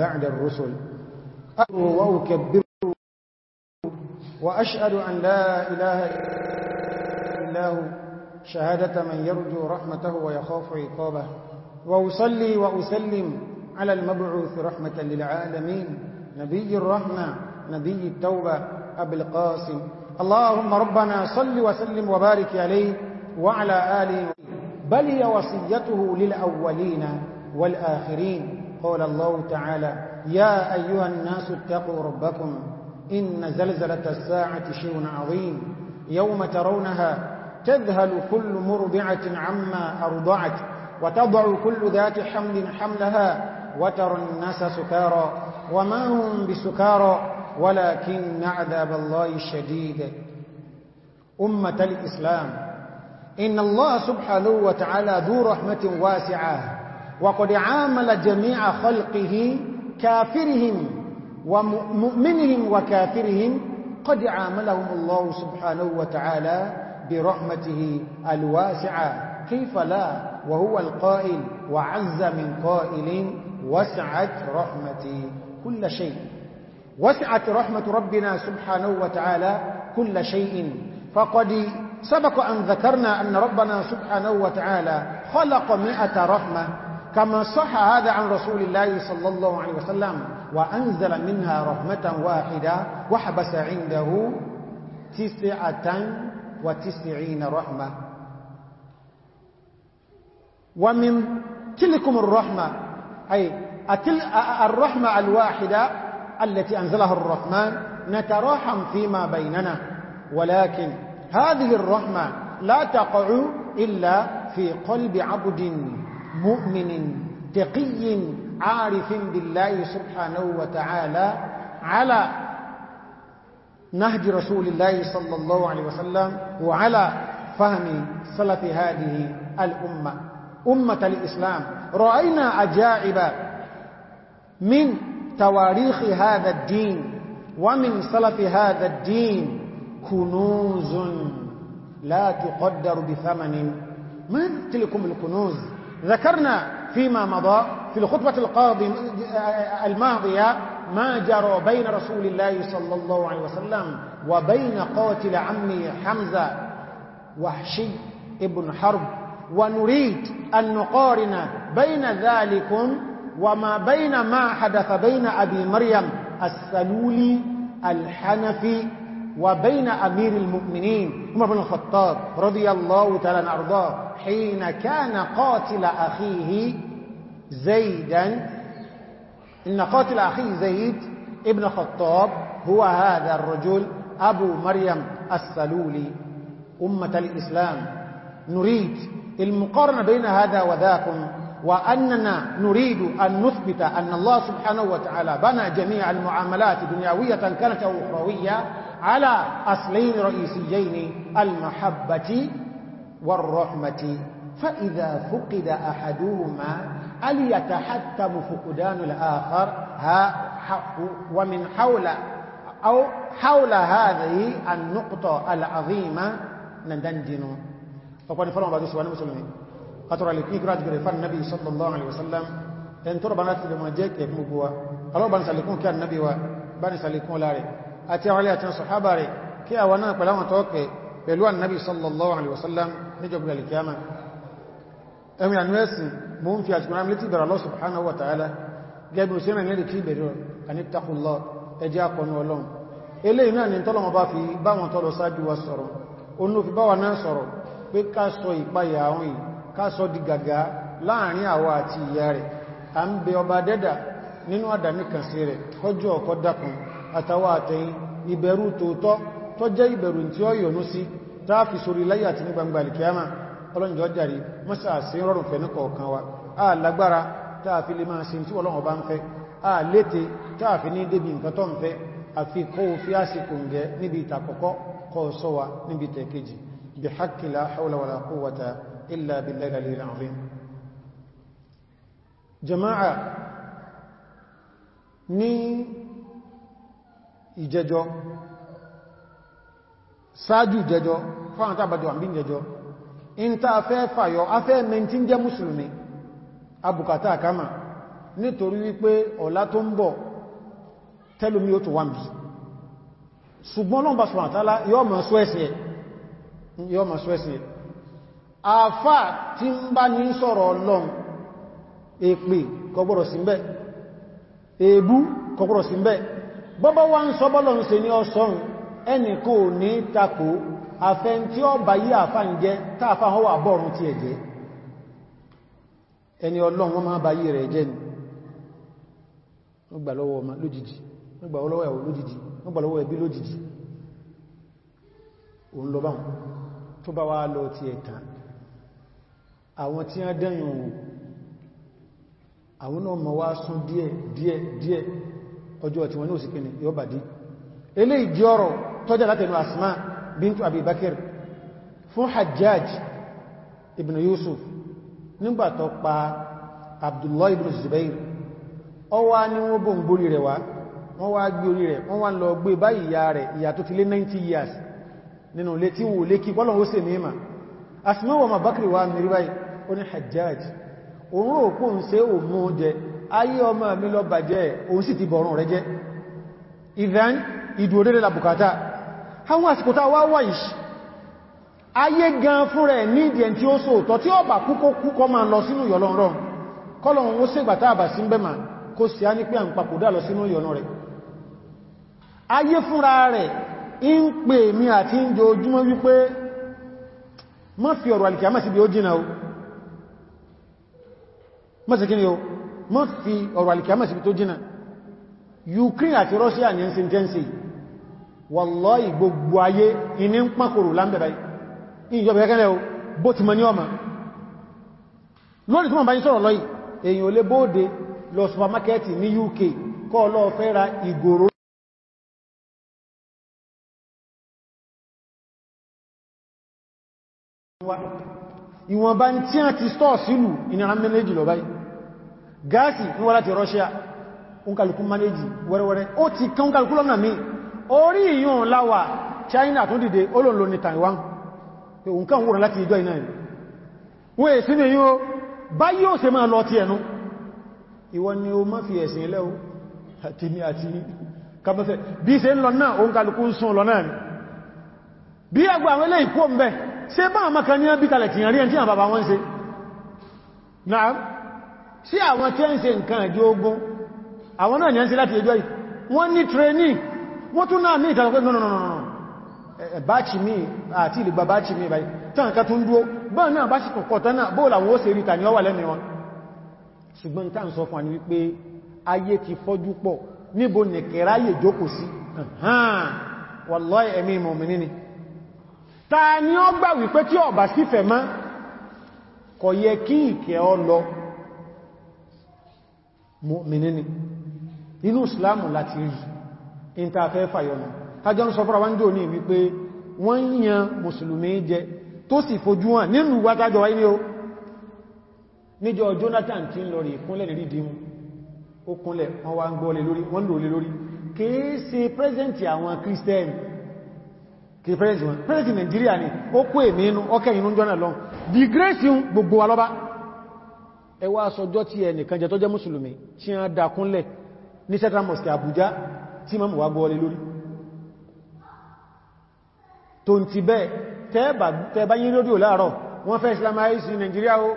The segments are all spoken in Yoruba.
بعد الرسل أكبر وأكبر وأشهد أن لا إله إلا الله شهادة من يرجو رحمته ويخاف عقابه وأصلي وأسلم على المبعوث رحمة للعالمين نبي الرحمة نبي التوبة أبو القاسم اللهم ربنا صل وسلم وبارك عليه وعلى آله بل هي وصيته للأولين والآخرين قول الله تعالى يا أيها الناس اتقوا ربكم إن زلزلة الساعة شيء عظيم يوم ترونها تذهل كل مرضعة عما أرضعت وتضع كل ذات حمل حملها وترى الناس سكارى وما هم بسكارى ولكن عذاب الله شديد أمة الإسلام إن الله سبحانه وتعالى ذو رحمة واسعة وقد عامل جميع خلقه كافرهم ومؤمنهم وكافرهم قد عاملهم الله سبحانه وتعالى برحمته الواسعة كيف لا وهو القائل وعز من قائل وسعت رحمتي كل شيء وسعت رحمة ربنا سبحانه وتعالى كل شيء فقد سبق أن ذكرنا أن ربنا سبحانه وتعالى خلق مئة رحمة كما صح هذا عن رسول الله صلى الله عليه وسلم وأنزل منها رحمة واحدة وحبس عنده تسعة وتسعين رحمة ومن تلكم الرحمة أي الرحمة الواحدة التي أنزلها الرحمن نتراحم فيما بيننا ولكن هذه الرحمة لا تقع إلا في قلب عبد مؤمن تقي عارف بالله سبحانه وتعالى على نهج رسول الله صلى الله عليه وسلم وعلى فهم صلة هذه الأمة أمة الإسلام رأينا أجائب من تواريخ هذا الدين ومن صلة هذا الدين كنوز لا تقدر بثمن من تلكم الكنوز ذكرنا فيما مضى في الخطبة القاضي الماضية ما جرى بين رسول الله صلى الله عليه وسلم وبين قاتل عمي حمزة وحشي ابن حرب ونريد أن نقارن بين ذلكم وما بين ما حدث بين أبي مريم السلولي الحنفي وبين أمير المؤمنين عمر بن الخطاب رضي الله تعالى أرضاه حين كان قاتل أخيه زيدا إن قاتل أخيه زيد ابن خطاب هو هذا الرجل أبو مريم السلولي أمة الإسلام نريد المقارنة بين هذا وذاكم وأننا نريد أن نثبت أن الله سبحانه وتعالى بنى جميع المعاملات دنيوية كانت أو أخروية على أصلين رئيسيين المحبة والرحمة فإذا فقد أحدهما أل يتحتم فقدان الآخر ها ومن حول أو حول هذه النقطة العظيمة ندندن فقال فرما بعد سبحانه وسلم قطر لكنيك رات غرفان النبي صلى الله عليه وسلم أن ترى بنات لما يكمبوا قالوا بان لكم كان النبي وبنسى لكم لاري àti àwọn ilé àti sọ̀hábà rẹ̀ kí àwọn náà pẹ̀lú àwọn tọ́ọ̀kẹ̀ pẹ̀lú annabi sallallahu alaihi wasallam níjọba alkiyama ẹ̀mì àníwẹ̀sìn mú ń fi àṣìkòrán létí ìbẹ̀rẹ̀ Allah subhanahu wa ta'ala gẹ́bí òṣèrè rẹ̀ létí ìbẹ̀rẹ̀ anítàkùnlọ ẹjẹ́ akọni ọlọ́run eléyìí náà ni tọ́lọmọ bá fi bá wọn tọ́lọ sáájú wa sọ̀rọ̀ onú fi bá wa náà sọ̀rọ̀ pé ká ń bẹ ọba dẹ́dà nínú àdánìkànsí rẹ̀ kọjú ọkọ̀ dákun àtàwà àtẹyìn ìbẹ̀rù tòótọ́ tó jẹ́ ìbẹ̀rù tí ó yọ̀nú sí táàfi sórí láyé àti ní gbangba alìkíyàmà ọlọ́njọ́ jàrí mọ́sàásí rọrùn fẹ́ nìkọ̀ọ̀kan wa a lágbára táàfi lè máa sin tí Ọlọ́run bá ń a léte táàfi ní débi nǹkan tó ń fẹ́ àfi kó fi àsìkò ń gẹ níbi ìtàkọ́kọ́ kọ́ sọ wa níbi tẹ̀kejì bí haqqi la hawla wala quwwata illa billahi al azim jama'a ní ìjẹjọ́ sáájú ìjẹjọ́ fáwọn tàbàjọ àbí ìjẹjọ́ in ta fẹ́ fàyọ afẹ́ mẹ́ntín jẹ́ mùsùlùmí abùkátà àkámà nítorí wípé ọ̀lá tó ń bọ̀ tẹ́lùmí ó tó wà ṣùgbọ́n yọ́ mọ̀ ẹ̀ àfà tí ń bá ní sọ̀rọ̀ èpè kọgbọ́rọ̀ sí èébú kọgbọ́rọ̀ sí bọ́bọ́ wá ń sọ bọ́lọ̀ ń se ní ọsọ́run ẹnì kò ní takò afẹ́ tí ó bá yí àfá ń jẹ́ táàfá họ́wà bọ́ọ̀rún ti ẹ̀jẹ́ ẹni ọlọ́run wọ́n máa bá yí rẹ̀ jẹ́ ni wọ́n gbà lọ́wọ́ ọmọ lójijì wọ́n gbà lọ́wọ́ ẹ̀wọ̀ lójijì wọ́n gbà lọ́wọ́ àwọn tí wọ́n dẹ́yìn òun àwọn náà mọ̀ wá sún díẹ̀ díẹ̀ díẹ̀ ọjọ́ tí wọn ní òsìkí ni yóò bàdí ilé ìdí ọ̀rọ̀ tọ́jà látẹnu asma bintu bakir fún hajjaj ibn yusuf nígbàtọ̀ pa abdullahi ibn zubair ọwá ní wọ́n bó ń gbórí rẹ̀ wá wọ́n wá gbé orí rẹ̀ wọ́n wá lọ gbé bá ìyá rẹ̀ ayé ọmọ mi lọ bàjẹ́ òun sì ti bọ̀rún rẹ jẹ́ ìdán ìdúródé labùkátà àwọn àsìkò tá wá wáyìí ayé gan fún rẹ̀ ní ìdíẹ̀ tí ó sóòtọ́ tí ọba kúkó kúkọ máa lọ sínú yọ̀lọ́rọ̀ kọlọ̀un ó sì gbàtà àbà sí bẹ́mà kó kí ni o mọ́ fi ọ̀rọ̀ alìkàmà sí tó jìnà Ukraine àti Russia ní ẹnsìn jẹ́nsì wallahi gbogbo ayé iní ń pàkòrò lámbẹ̀bẹ̀ ìjọba ẹgẹ́lẹ́ o bó ti mọ́ ní ọmọ lórí tí wọ́n bá ń sọ̀rọ̀ lọ́yìn èyàn olé bóòdé lọ supermarketi ní UK kọ́ lọ fẹ́ ra ìgòrò tí a ti stọ́ sílù ìnira mẹ́lẹ́jì lọ báyìí gáàsì ní wọ́n láti Russia oúnkàlùkú manéjì wẹ́rẹ́wẹ́rẹ́ ó ti kán oúnkàlùkú lọ́nà mí orí ìyún láwà China tó dìde olóòlò ní Taiwan oúnkàn wúrọ láti ìjọ iná wọ́n èsì ní yíó bá yíó se máa lọ ti ẹnu se ń lọ náà oúnkàlùkú ń sún lọ náà ni bí agbà àwọn ilé ìkó mbẹ́ se bá se náà sí àwọn tí ó ń ṣe nǹkan ìjọ ogun àwọn náà ni a ń ṣe láti ẹjọ́ yìí wọ́n ní training wọ́n tún náà ní ìtàlọ́pẹ́ báàkì mi àti ìlúgbà báàkì mi báyìí tán ká tún dúó bá náà bá sì kọ̀kọ̀ tán náà bóòlà wọ́n ó ṣe ríta ní ọwà lẹ́mìí wọn ṣùgbọ́n tán sọ fún àní wípé ayé ti fọ́jú pọ̀ níbo nìkẹ̀rá yè jókòó sí wallahi ẹ̀mí mọ̀mìnì ni ta ni ó gbà wípé tí ọ̀bà sífẹ̀ mọ̀mìnìní inú islamu láti rí ìntàfẹ́ fàyọ̀nà tajọ́ ń sọ fọ́ra wọ́n jò ní wípé wọ́n yan mùsùlùmí jẹ tó sì fojú wọn nínú wátájọ wáyé o níjọ Jonathan tí ń lọ rí ìkúnlẹ̀ lórí dìímú ó kúnlẹ̀ wọ́n wá ń gbọ́lẹ̀ lórí wọ́n lò lè lórí kìí ṣe pẹ́sẹ̀ntì àwọn kírísítẹ́nì kìí pẹ́sẹ̀ntì wọn ni ó kó ẹwà sọjọ́ tí ẹnìkan jẹ tó jẹ́ mùsùlùmí tí a dákúnlẹ̀ ní central mosque Àbújá tí mọ́mù wá gbọ́ọ̀lẹ̀ lórí tó ń ti bẹ́ẹ̀ tẹ́ẹ̀bá yí lódí láàárọ̀ wọ́n fẹ́ islamize Nigeria o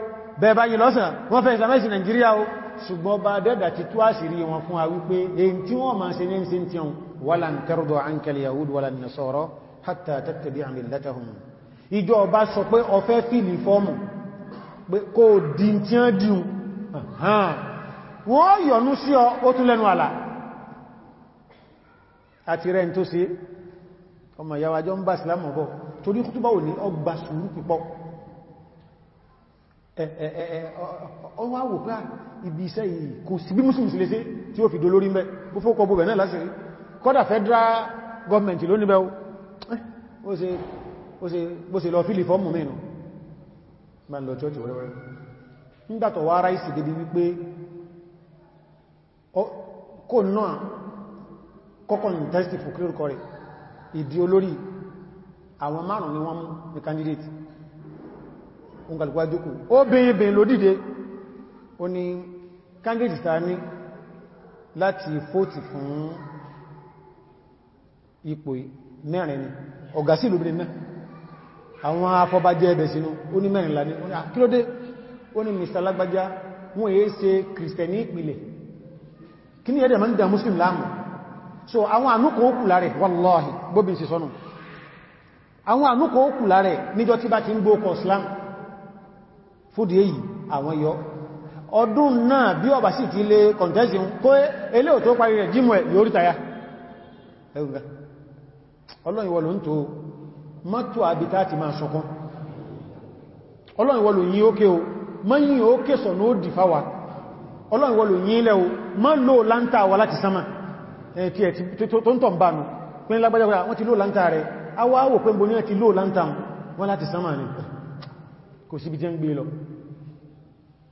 bẹ́ẹ̀bá yí lọ́sàn wọ́n fẹ́ islamize Nigeria o ṣùgbọ́n bá dẹ́dà ti tú àṣírí wọn fún a wípé èyí tí wọ́n máa ṣe ní ṣe tí wọn wala n tardo anka al-yahud wala an-nasara hatta tattabi'a millatahum ìjọ ọba sọ pé ọfẹ́ fìlì fọ́ọ̀mù kò dí tí ó dí wọ́n yọ̀nú sí ọ ó tún lẹ́nu àlà àti rẹ̀ tó sí ọmọ ìyàwó ajọ́ ń bá ìsìlámù bọ̀ torí kútúbà ò ní ọgbà sùúrù púpọ̀ ọwọ́ àwò pé ah, ibi iṣẹ́ yìí kò sí bí mùsùlùmí lè ṣe tí ó fi dó lórí mẹ́ bó fókọ bó bẹ̀ náà lásìrí kọ́dà federal government ló níbẹ̀ ó ṣe bó ṣe lọ fílì fọ́ọ̀mù mẹ́nu ma ń lọ chọ́ọ̀chì wẹ́rẹ́wẹ́rẹ́ nígbàtọ̀ ara ìsì débi pe kò náà kọ́kọ́ ní tẹ́sì fún kírùkọ́ rẹ̀ ìdí olórí àwọn ni wọ́n mú ní candidate oun kàlùkwá jókù ó bíyìnbìn ló dìde ó candidate ta fún ipo mẹ́rin àwọn afọbajẹ́ ẹbẹ̀ sínú ó ní mẹ́rìnlá ní kílódé ó ní mr lágbájá wọ́n èé ṣe kìrìsìtẹ̀ní ìpìlẹ̀ kí ní ẹ̀dẹ̀ ma muslim láàmù so àwọn ànúkọ̀ òkú lárẹ̀ wallahi bóbin sí sọ́nà àwọn ànúkọ̀ òkú lárẹ̀ níjọ tí bá ti ń gbó ọkọ̀ islam fúdí èyí àwọn yọ ọdún náà bí ọba sì ti lé kọ̀ntẹ́sì kó elé ò tó parí rẹ̀ jímọ̀ yóò rí tayá ẹgbẹ̀ ọlọ́yìnwọ̀ mọ́tò àbítà ti máa sọkún ọlọ́run ìwọlò yí ókè o mọ́ yí ókè sọ ní ó dì fáwà ọlọ́run ìwọlò yí ilẹ̀ o mọ́ lò láńtà wà láti sánmà tó ń tọ̀m bánu pín lágbàjáwà wọ́n ti lò láńtà rẹ̀ awá wò pé mbò ni kò síbi jẹ́ ń gbé lọ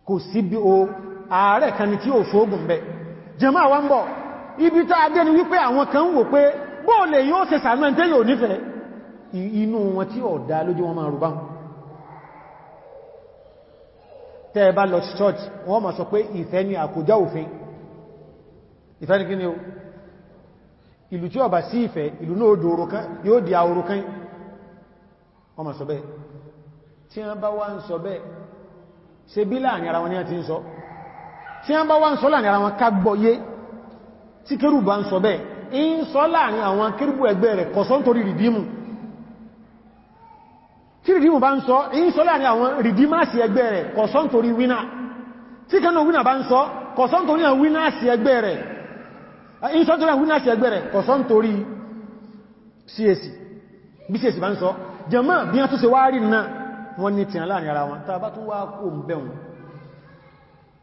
kò síbi o ààrẹ kan ni tí ò fóògùn bẹ jẹmọ́ àwọn bọ̀ ibi tá a wípé àwọn kan wò pé bóòlè yóò ṣe sàmẹ́ntẹ́ yóò nífẹ̀ẹ́ inú wọn tí ó dá lójú wọn máa rú báhùn tẹ́ bá lọ church wọ́n máa sọ pé ìfẹ́ ni àkójá òfin ìfẹ́ ni kíni o ìlú tí ó bá sí ìfẹ́ ìlú náà yóò di àorò kan wọ́n máa sọ bẹ́ẹ̀ tí wọ́n bá wá ń sọ bẹ́ẹ̀ ṣe bí láàrin ara wọn ni a ti ń sọ tí wọ́n bá wá ń sọ láàrin ara wọn kágbọ́yé tí kérù bá ń sọ bẹ́ẹ̀ ń sọ láàrin àwọn kérùbù ẹgbẹ́ rẹ̀ kọ̀sọ́ rìdímù tí rìdímù bá ń sọ èyí sọ láàrin àwọn rìdímásì ẹgbẹ́ rẹ̀ kọ̀sán torí wínà tí kánà wínà bá ń sọ kọ̀sán torí wínàsì ẹgbẹ́ rẹ̀ èyí sọ torí wínàsì ẹgbẹ́ rẹ̀ kọ̀sán torí csc bí csc bá ń sọ jẹmọ́ bí wọ́n tún ṣe wárí náà wọ́n ní tìyàn láàrin ara wọn tàbá tún wá kó ń bẹ̀ wọn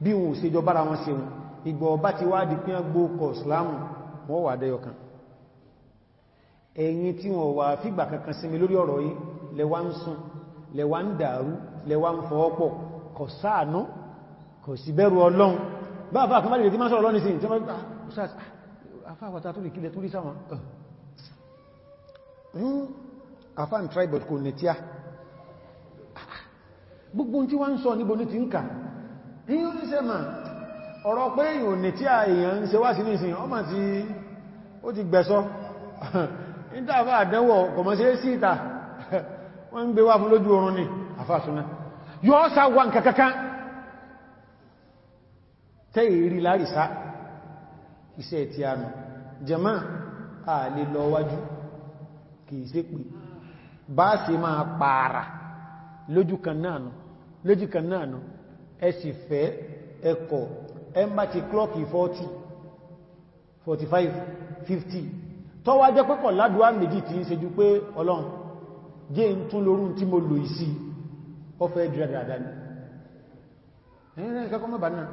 bí wọn ò ṣe jọ bára wọn lẹ́wà ń sùn lẹ́wà ń dàrú lẹ́wà ń fọwọ́pọ̀ kò sáànú kò sí bẹ̀rù ọlọ́run bá àfáà kan bá lè tí máa sọ̀rọ̀ lọ́nìí sí ìtẹ́mọ́ àfáàwàta tó lè kílẹ̀ tó rí sáwọn hmm, àfáà ń tribal kò ní tíá gbogbo tí wọ́n ń sọ níbo ní ti ń kà yíò ń sẹ́mà ọ̀rọ̀ pé èyàn ní tí èyàn ń ṣe wá sí nìsìn ọmọ tí ó ti gbẹ̀sọ́ ìtàfà àdánwò kọ̀mọ̀ṣẹ́ sí ìta wọ́n ń gbé wá fún lójú oorun ní àfáàsúná yọ́ sá wà nǹkan kankan tẹ́ ìrí láàrísá iṣẹ́ ti àmì jẹmọ́ à lè lọ wájú kìí sí pé bá sì máa pààrà lójú kan náà nù lójú kan náà nù ẹ sì fẹ́ ẹkọ̀ ẹ má ti klọ́kì 40 45 50 tọ́wọ́ jẹ́ pẹ́kọ̀ ládùá méjì tí ń ṣe pé ọlọ́run jẹ́ ń tún lórún tí mo lò ìsí ọfẹ́ dìradàdà ní ẹ̀rẹ́ ìkẹ́kọ́ mọ́bà náà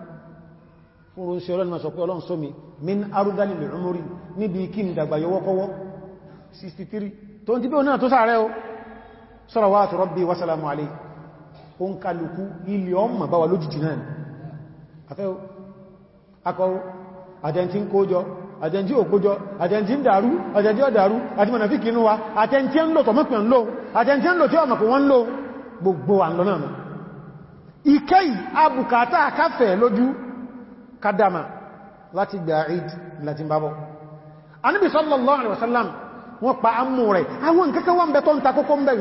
fún oòrùn sí ọlọ́nà sọ pé ọlọ́n sọ mi min arúdálì lè rúmórí níbi kí n dàgbà yọwọ́kọwọ́ 63 tó ń tí bí o náà tó sàárẹ́ o salawatu rabbi ń kálukú ilé àtẹ̀ntí òkójọ àtẹ̀ntí ń dàrú àtẹ̀ntí ọ̀dàrú àti mọ̀nàfíkì inú wa àtẹ̀ntí ń lò tọ̀mọ́pẹ̀ ń lò àtẹ̀ntí ń lò tí ọmọ kò wọ́n lò gbogbo àlọ́nà mọ̀ ìkẹ́yì abùkátà káfẹ̀ lójú kádàmà láti gbà Eid sallallahu wasallam wọ́n pa ámú rẹ̀ àwọn kẹ́kẹ́ wọ́n bẹ tó ń takókó ń bẹ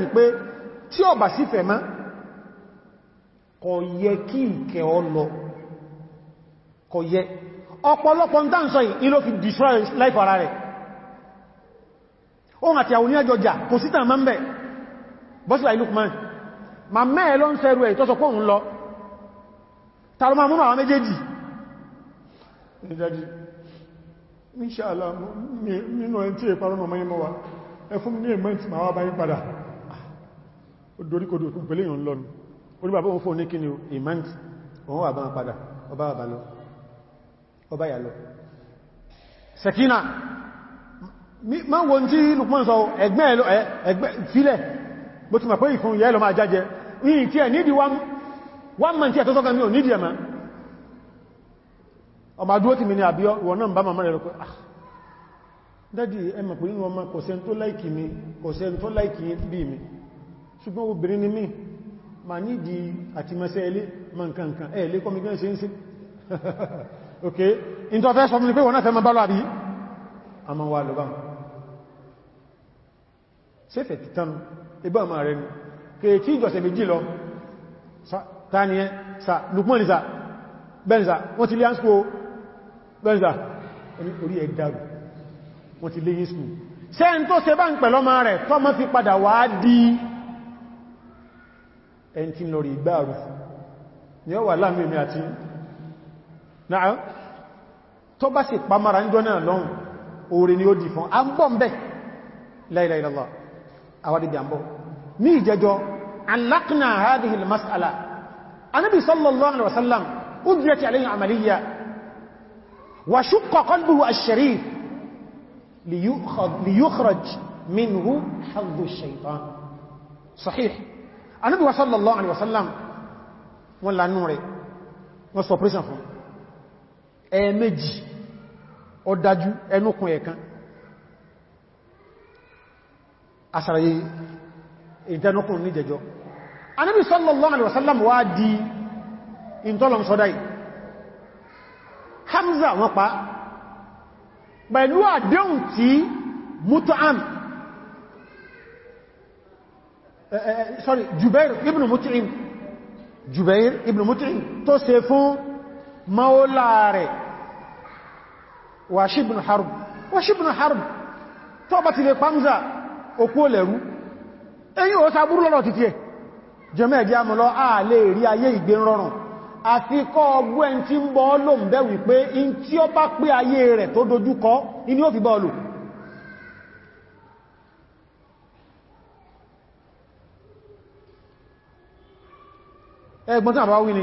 kí ìkẹ́ ọ lọ kò ọ̀pọ̀lọpọ̀ ń tán sọ ìlò fi destroy life ara rẹ̀ ohun àti àwọn oníyàjọjà kò sí tàn mẹ́mẹ́ bọ́sílá ìlú kùmán ma mẹ́ẹ̀ lọ ń sẹ́rù ẹ̀ tọ́sọ pọ́hùn lọ tààrọ ma múnà àwọn méjèèjì Inshallah nínú ẹni tí ìparọ́ mọ̀ mọ́ wá ẹ fún mi ní èmọ́ ìtìmọ̀ àwọn abáyín padà doríkodò pẹ̀lú èèyàn lọ́nu orí bàbá òun fún ní kíni ìmọ̀ ìtìmọ̀ àwọn àbáyín padà ọba àbálọ́ ọba yà lọ sekina ma wọ́n tí Lukman sọ ẹgbẹ́ ẹgbẹ́ sílẹ̀ bó ti mọ̀ pé ìfún ìyá ẹlọ máa jájẹ yìí tí ẹ̀ nídi wọ́n mọ̀ tí ẹ̀ tó sọ́kà mí ò nídi ẹ̀mà ọmọ adúró ti mi ní àbíọ́ ìwọ̀n náà bá rẹ̀ ẹmà pè nínú ọmọ tó láìkì mi tó láìkì bí mi ṣùgbọ́n obìnrin ni ma nídi àti mẹ́sẹ́ ilé ma nǹkan nǹkan ẹ̀ẹ́lé kọ́mí ok in tó fẹ́ sọ fún mi pé wọ́n náà fẹ́ ma bá lọ àbí a ma wà lọ bá sẹ́fẹ̀ títàn ibá ma rẹ̀ ní kèèkì ìjọsẹ̀ méjì lọ tániyẹ sa lukman ni sa benza wọ́n ti lé án skó benza orí ẹ̀ dàrú wọ́n ti lé yí skó sẹ́n tó se bá ń pẹ̀lọ́ ma rẹ̀ tọ́ ma fi padà wá di ẹn tí lọ rí ìgbà rú ni ọ wà láàrin mi àti náà tó bá sì pàmàrà ń jọ́nà lọ́hùn orí ni ó dì fún àbọ̀ mẹ́ láìláìlọ́lọ́ àwádìí àmbọ́ ní ìjẹjọ́ alákùnà hadhihi al-mas'ala anábi sallallahu wa sallallahu alaihi wasallam wọ́n lánú rẹ̀ wọ́n ẹ̀ẹ̀mejì ọdájú ẹnukun ẹ̀kan asàràyè ìtẹnukun ní jẹjọ anábi sallallahu alaihi wasallam wá di ìntọ́lọ̀ sọ́dáì Hamza wọ́n pa pẹ̀lú àdéhùn tí Mut'am sorry Jubair ibn Mut'im Jubair ibn Mut'im tó ṣe fún mọ́ọ́lá rẹ̀ wàṣíbùn harb wàṣíbùn harb tó bá ti lè pàmzà òkú olẹ̀rú èyí ò sàbúrú lọ́rọ̀ títí ẹ̀ jẹmẹ́ ẹ̀dí àmúlọ rí ayé ìgbé rọrùn àti kọ́ ọgbọ́ ẹn tí ń bọ́ ayé rẹ ẹgbọ́n tí àbáwí ni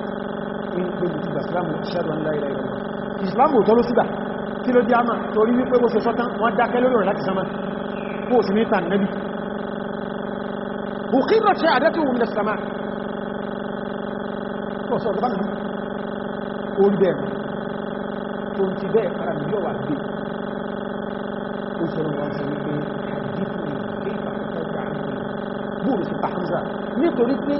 ìsìlámù tó ló sígbà kí ló dí àmà torí wípé bó ṣe sọ́tán wọ́n dákẹ́ lórí rẹ̀ láti sánmà kó sì ní tàn nẹ́bí bukílọ̀ ṣe àdẹ́tùwùn lè sánmà tó sọ ọ̀gbọ́n nìbí orí bẹ̀rẹ̀ tó ti bẹ́ẹ̀ ara nìbí ọwà gbé ó sọ wọn sọ wípé àdífìnì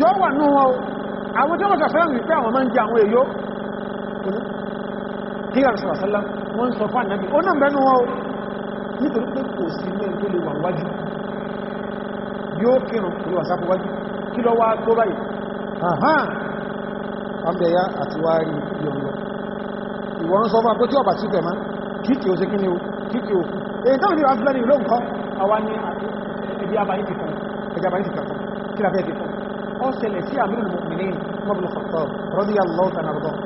yóò wà ní wọn àwọn tí wọ́n sàṣẹ́lẹ̀ wípé àwọn máa ń jẹ àwọn èyó kí a sàṣẹ́lẹ̀ wọ́n sọ fún ànábì ó náà bẹ́nu wọn nítorí pé kò sí ní ẹni tó lè wà wájú yóò kírun lè wà sápò wájú kí lọ wá tó báyìí àbẹ̀yà àti wá rí ibi ọ̀nà ìwọ̀n ń sọ fún àpótí ọ̀bà sí tẹ̀má kíkì ó sí kí ni ó kíkì ó kú èyí tó ní wá sílẹ̀ ní ìlú الخاصة اللي في أمير المؤمنين عمر بن الخطاب رضي الله تعالى عنه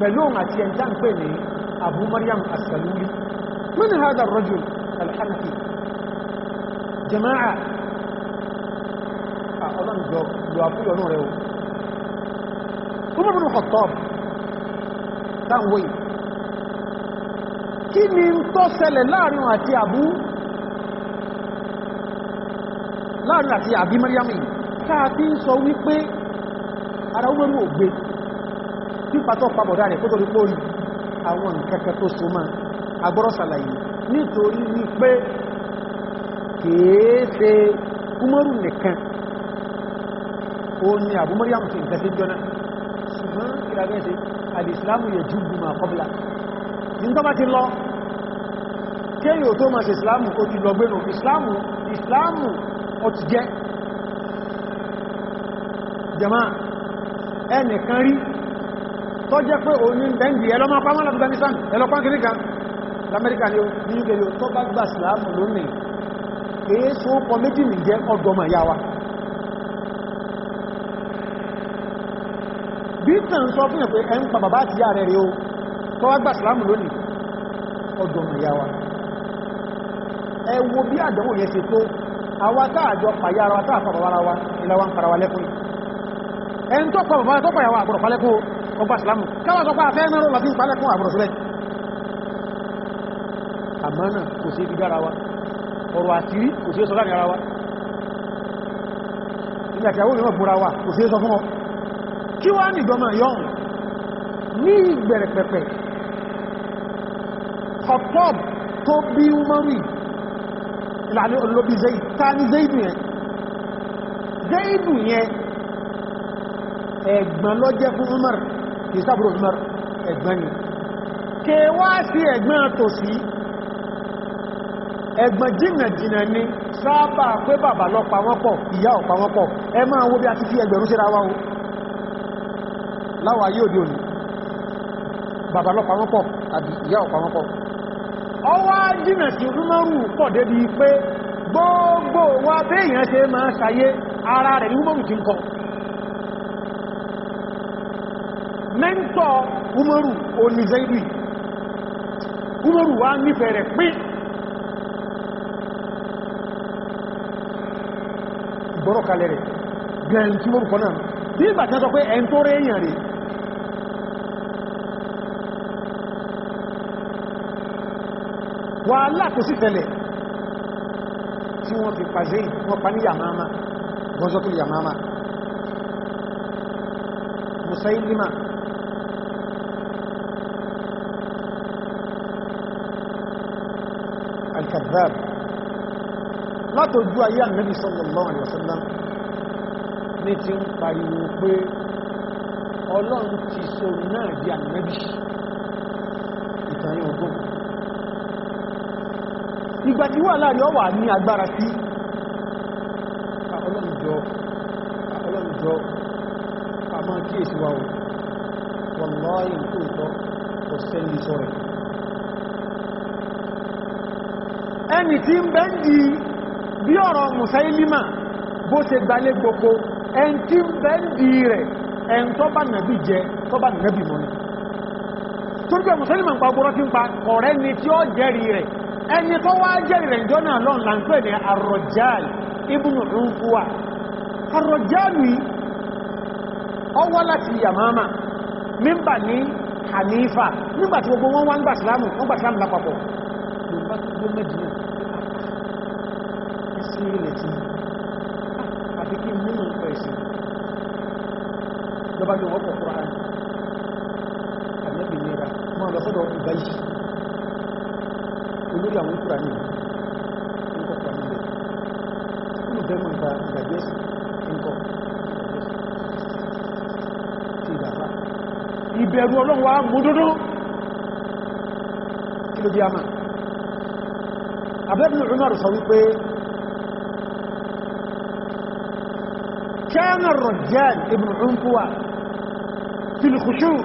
فلوم أتي كان فيني أبو مريم السلولي من هذا الرجل الحنفي جماعة اظن جو يوافي ونوره عمر بن الخطاب كان وي كيني انتصل لاري أتي أبو لاري أتي أبي مريمين táà fi ń sọ wípé ara Umaru ògbé pípàtọ́ pàbọ̀dá rẹ̀ kó tó rí pórí àwọn nkẹ́kẹ́ tó so máa agbọ́rọ̀ sàlàyé nítorí wípé kèése Umaru nìkan ó ní Abu Maryam ti nǹkan sí jọna ṣùgbọ́n ìràgẹ́sẹ̀ alìsìlámù yẹ jùgbù ma kọ́bla nígbàmá ti lọ kéyò tó máa ṣe ìsìlámù ó ti lọ gbénu ìsìlámù ìsìlámù ó ti jẹ́ jẹma ẹnìkan rí tó jẹ́ pé òní bẹ́ndì ẹlọ́mọ pàmọ́ Afghanistan ẹlọ́pàá kìríkà lamẹ́ríkà ni ó ní ìgbèrè tó bá gbà sílámù lónìí èé só pọ méjì ní jẹ́ ọgbọmọ̀ ya wa bíntàn sọ fún ẹ̀pẹ́ ẹ̀ ń pa bàbá àti yà rẹ̀ rí ó tó bá gbà sílámù lónìí ọgbọmọ̀ ya wa ẹ wo bí àdánwò yẹn ṣe tó àwa táàjọ pàyà ara wa táàpàbàwára wa ìlàwà ń farawa lẹ́kùn ẹni tó pa bàbá tó pa ìyàwó àbúrò pálẹ́kù ọgbà ìsìlámù káwà sọ pé afẹ́ mẹ́rọ lọ sí ìpálẹ́kù àbúrò sílẹ̀ àmánà kò sí ibi dára wa ọ̀rọ̀ àtírí kò sí sọ láàrin ara wa ilẹ̀ àti àwọn olùmọ̀ búra wa kò sí sọ fún ọ kí wá ní ìjọmọ̀ yọ́n ní ìgbẹ̀rẹ̀ pẹ̀pẹ̀ Khattab tó bí umaru ìlànà olóbi zaid ta ni zaidu yẹn zaidu yẹn ẹ̀gbọ́n ló jẹ́ fún Umar ìsáàbùrò Umar ẹ̀gbọ́n ni kèwá sí ẹ̀gbọ́n tó sí ẹ̀gbọ́n jìnnà jìnnà ni sábà pé bàbá lọ pa wọ́n pọ̀ ìyá ò pa wọ́n pọ̀ ẹ máa wo bí a ti fi ẹgbẹ̀rún síra wá o láwà yóò di òní bàbá lọ pa wọ́n pọ̀ àbí ìyá ò pa wọ́n sí ara rẹ̀ ní Umaru ti ń kọ́ mẹ́ntọ́ umaru oní zaidu umaru wá nífẹ̀ẹ́ rẹ̀ pín ìgbọ́rọ̀kalẹ̀ rẹ̀ gẹ̀ẹ́n tí umaru kọ́nà bí ìgbà tí wọ́n sọ pé ẹn tó rẹ̀ èèyàn rẹ̀ wàhálà tó sì tẹ̀lẹ̀ tí wọ́n fi pàṣẹ wọ́n pa ní yàmáma gọ́sọ́tù yàmáma musailima adhab látòjú ayé ànábì sallallahu alaihi wasallam ní ti ń pariwo pé ọlọ́run ti so náà di ànábì ìtàyẹ ogún ìgbà tí wà láàrin ọwà ní agbára sí ọlọ́run jọ àmọ́ kíyèsí wa wọ́n lọ́yìn tó ìtọ́ ọ̀sẹ́ ìṣọ́rẹ̀ ẹni tí ń bẹ́ ń di bí ọ̀rọ̀ Musailima bó ṣe gbalé gbogbo ẹn tí ń bẹ́ ń di rẹ̀ ẹn tó bá nàbí jẹ tó bá nàbí mọ́nà tó ń jẹ́ Musailima ń pa ọgbọ́rọ́ tí ń pa ọ̀rẹ́ ni tí ó jẹ́rìí rẹ̀ ẹni tó wá jẹ́rìí rẹ̀ jọ Hanifa nígbàtí gbogbo wọn wá ń gbà sílámù wọn gbà sílámù lápapọ̀ ló bá gbogbo Mẹ́dínà ní ìrètí àti kí nínú ọ̀pọ̀ ẹ̀sìn lọ́bá jọ wọ́pọ̀ kọ́ ara àmẹ́bì nira máa lọ sọ́dọ̀ ìgbà yìí olórí àwọn ìkúra ní nǹkan pa nílẹ̀ nínú bẹ́ẹ̀ mọ̀ ìgbà ìgbàgbẹ́sì nǹkan ti ìgbàfà ìbẹ̀rù ọlọ́run wa mú dúdú kí ló di àmà abẹ́bìnrin Umar sọ wípé كان الرجال ابن عنقوة في الخشوع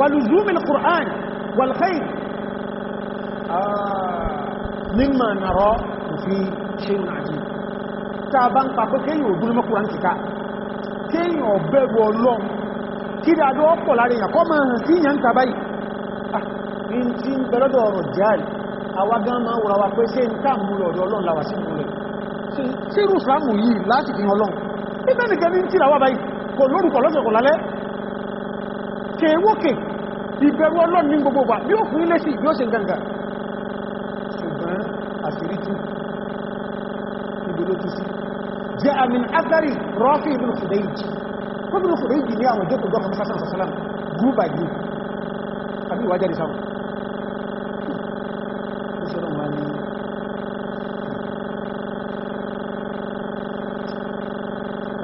ولزوم القرآن والخير مما نرى في شيء عجيب تابان قابل كي يقول ما قرآن كتا كي يبقى الله كده أدو أقول عليها كما هنسين ينتبه آه تين بلد الرجال أواغان ما وراوا كويسين تامولو دولون لواسين مولي tí irú ìsìlámù yìí láti fi ọlọ́run nígbẹ́ nìkan ní tíra wà báyìí kò lórúkọ lọ́sẹ̀ kò lálẹ́ kèwókè ìbẹ̀rù ọlọ́run ní gbogbo wà bí ó fún ilé sí yóò ṣe ganga ṣùgbọ́n àṣírí tú ìbìlò tú sí jẹ́ àmìn agbárí rọ́fì ibn fùdẹ́yìí fún ibn fùdẹ́yìí ní àwọn ìjókòó gọ́ọ̀mù sásán sásán gúrú bàjú àbí ìwájáde sáwọn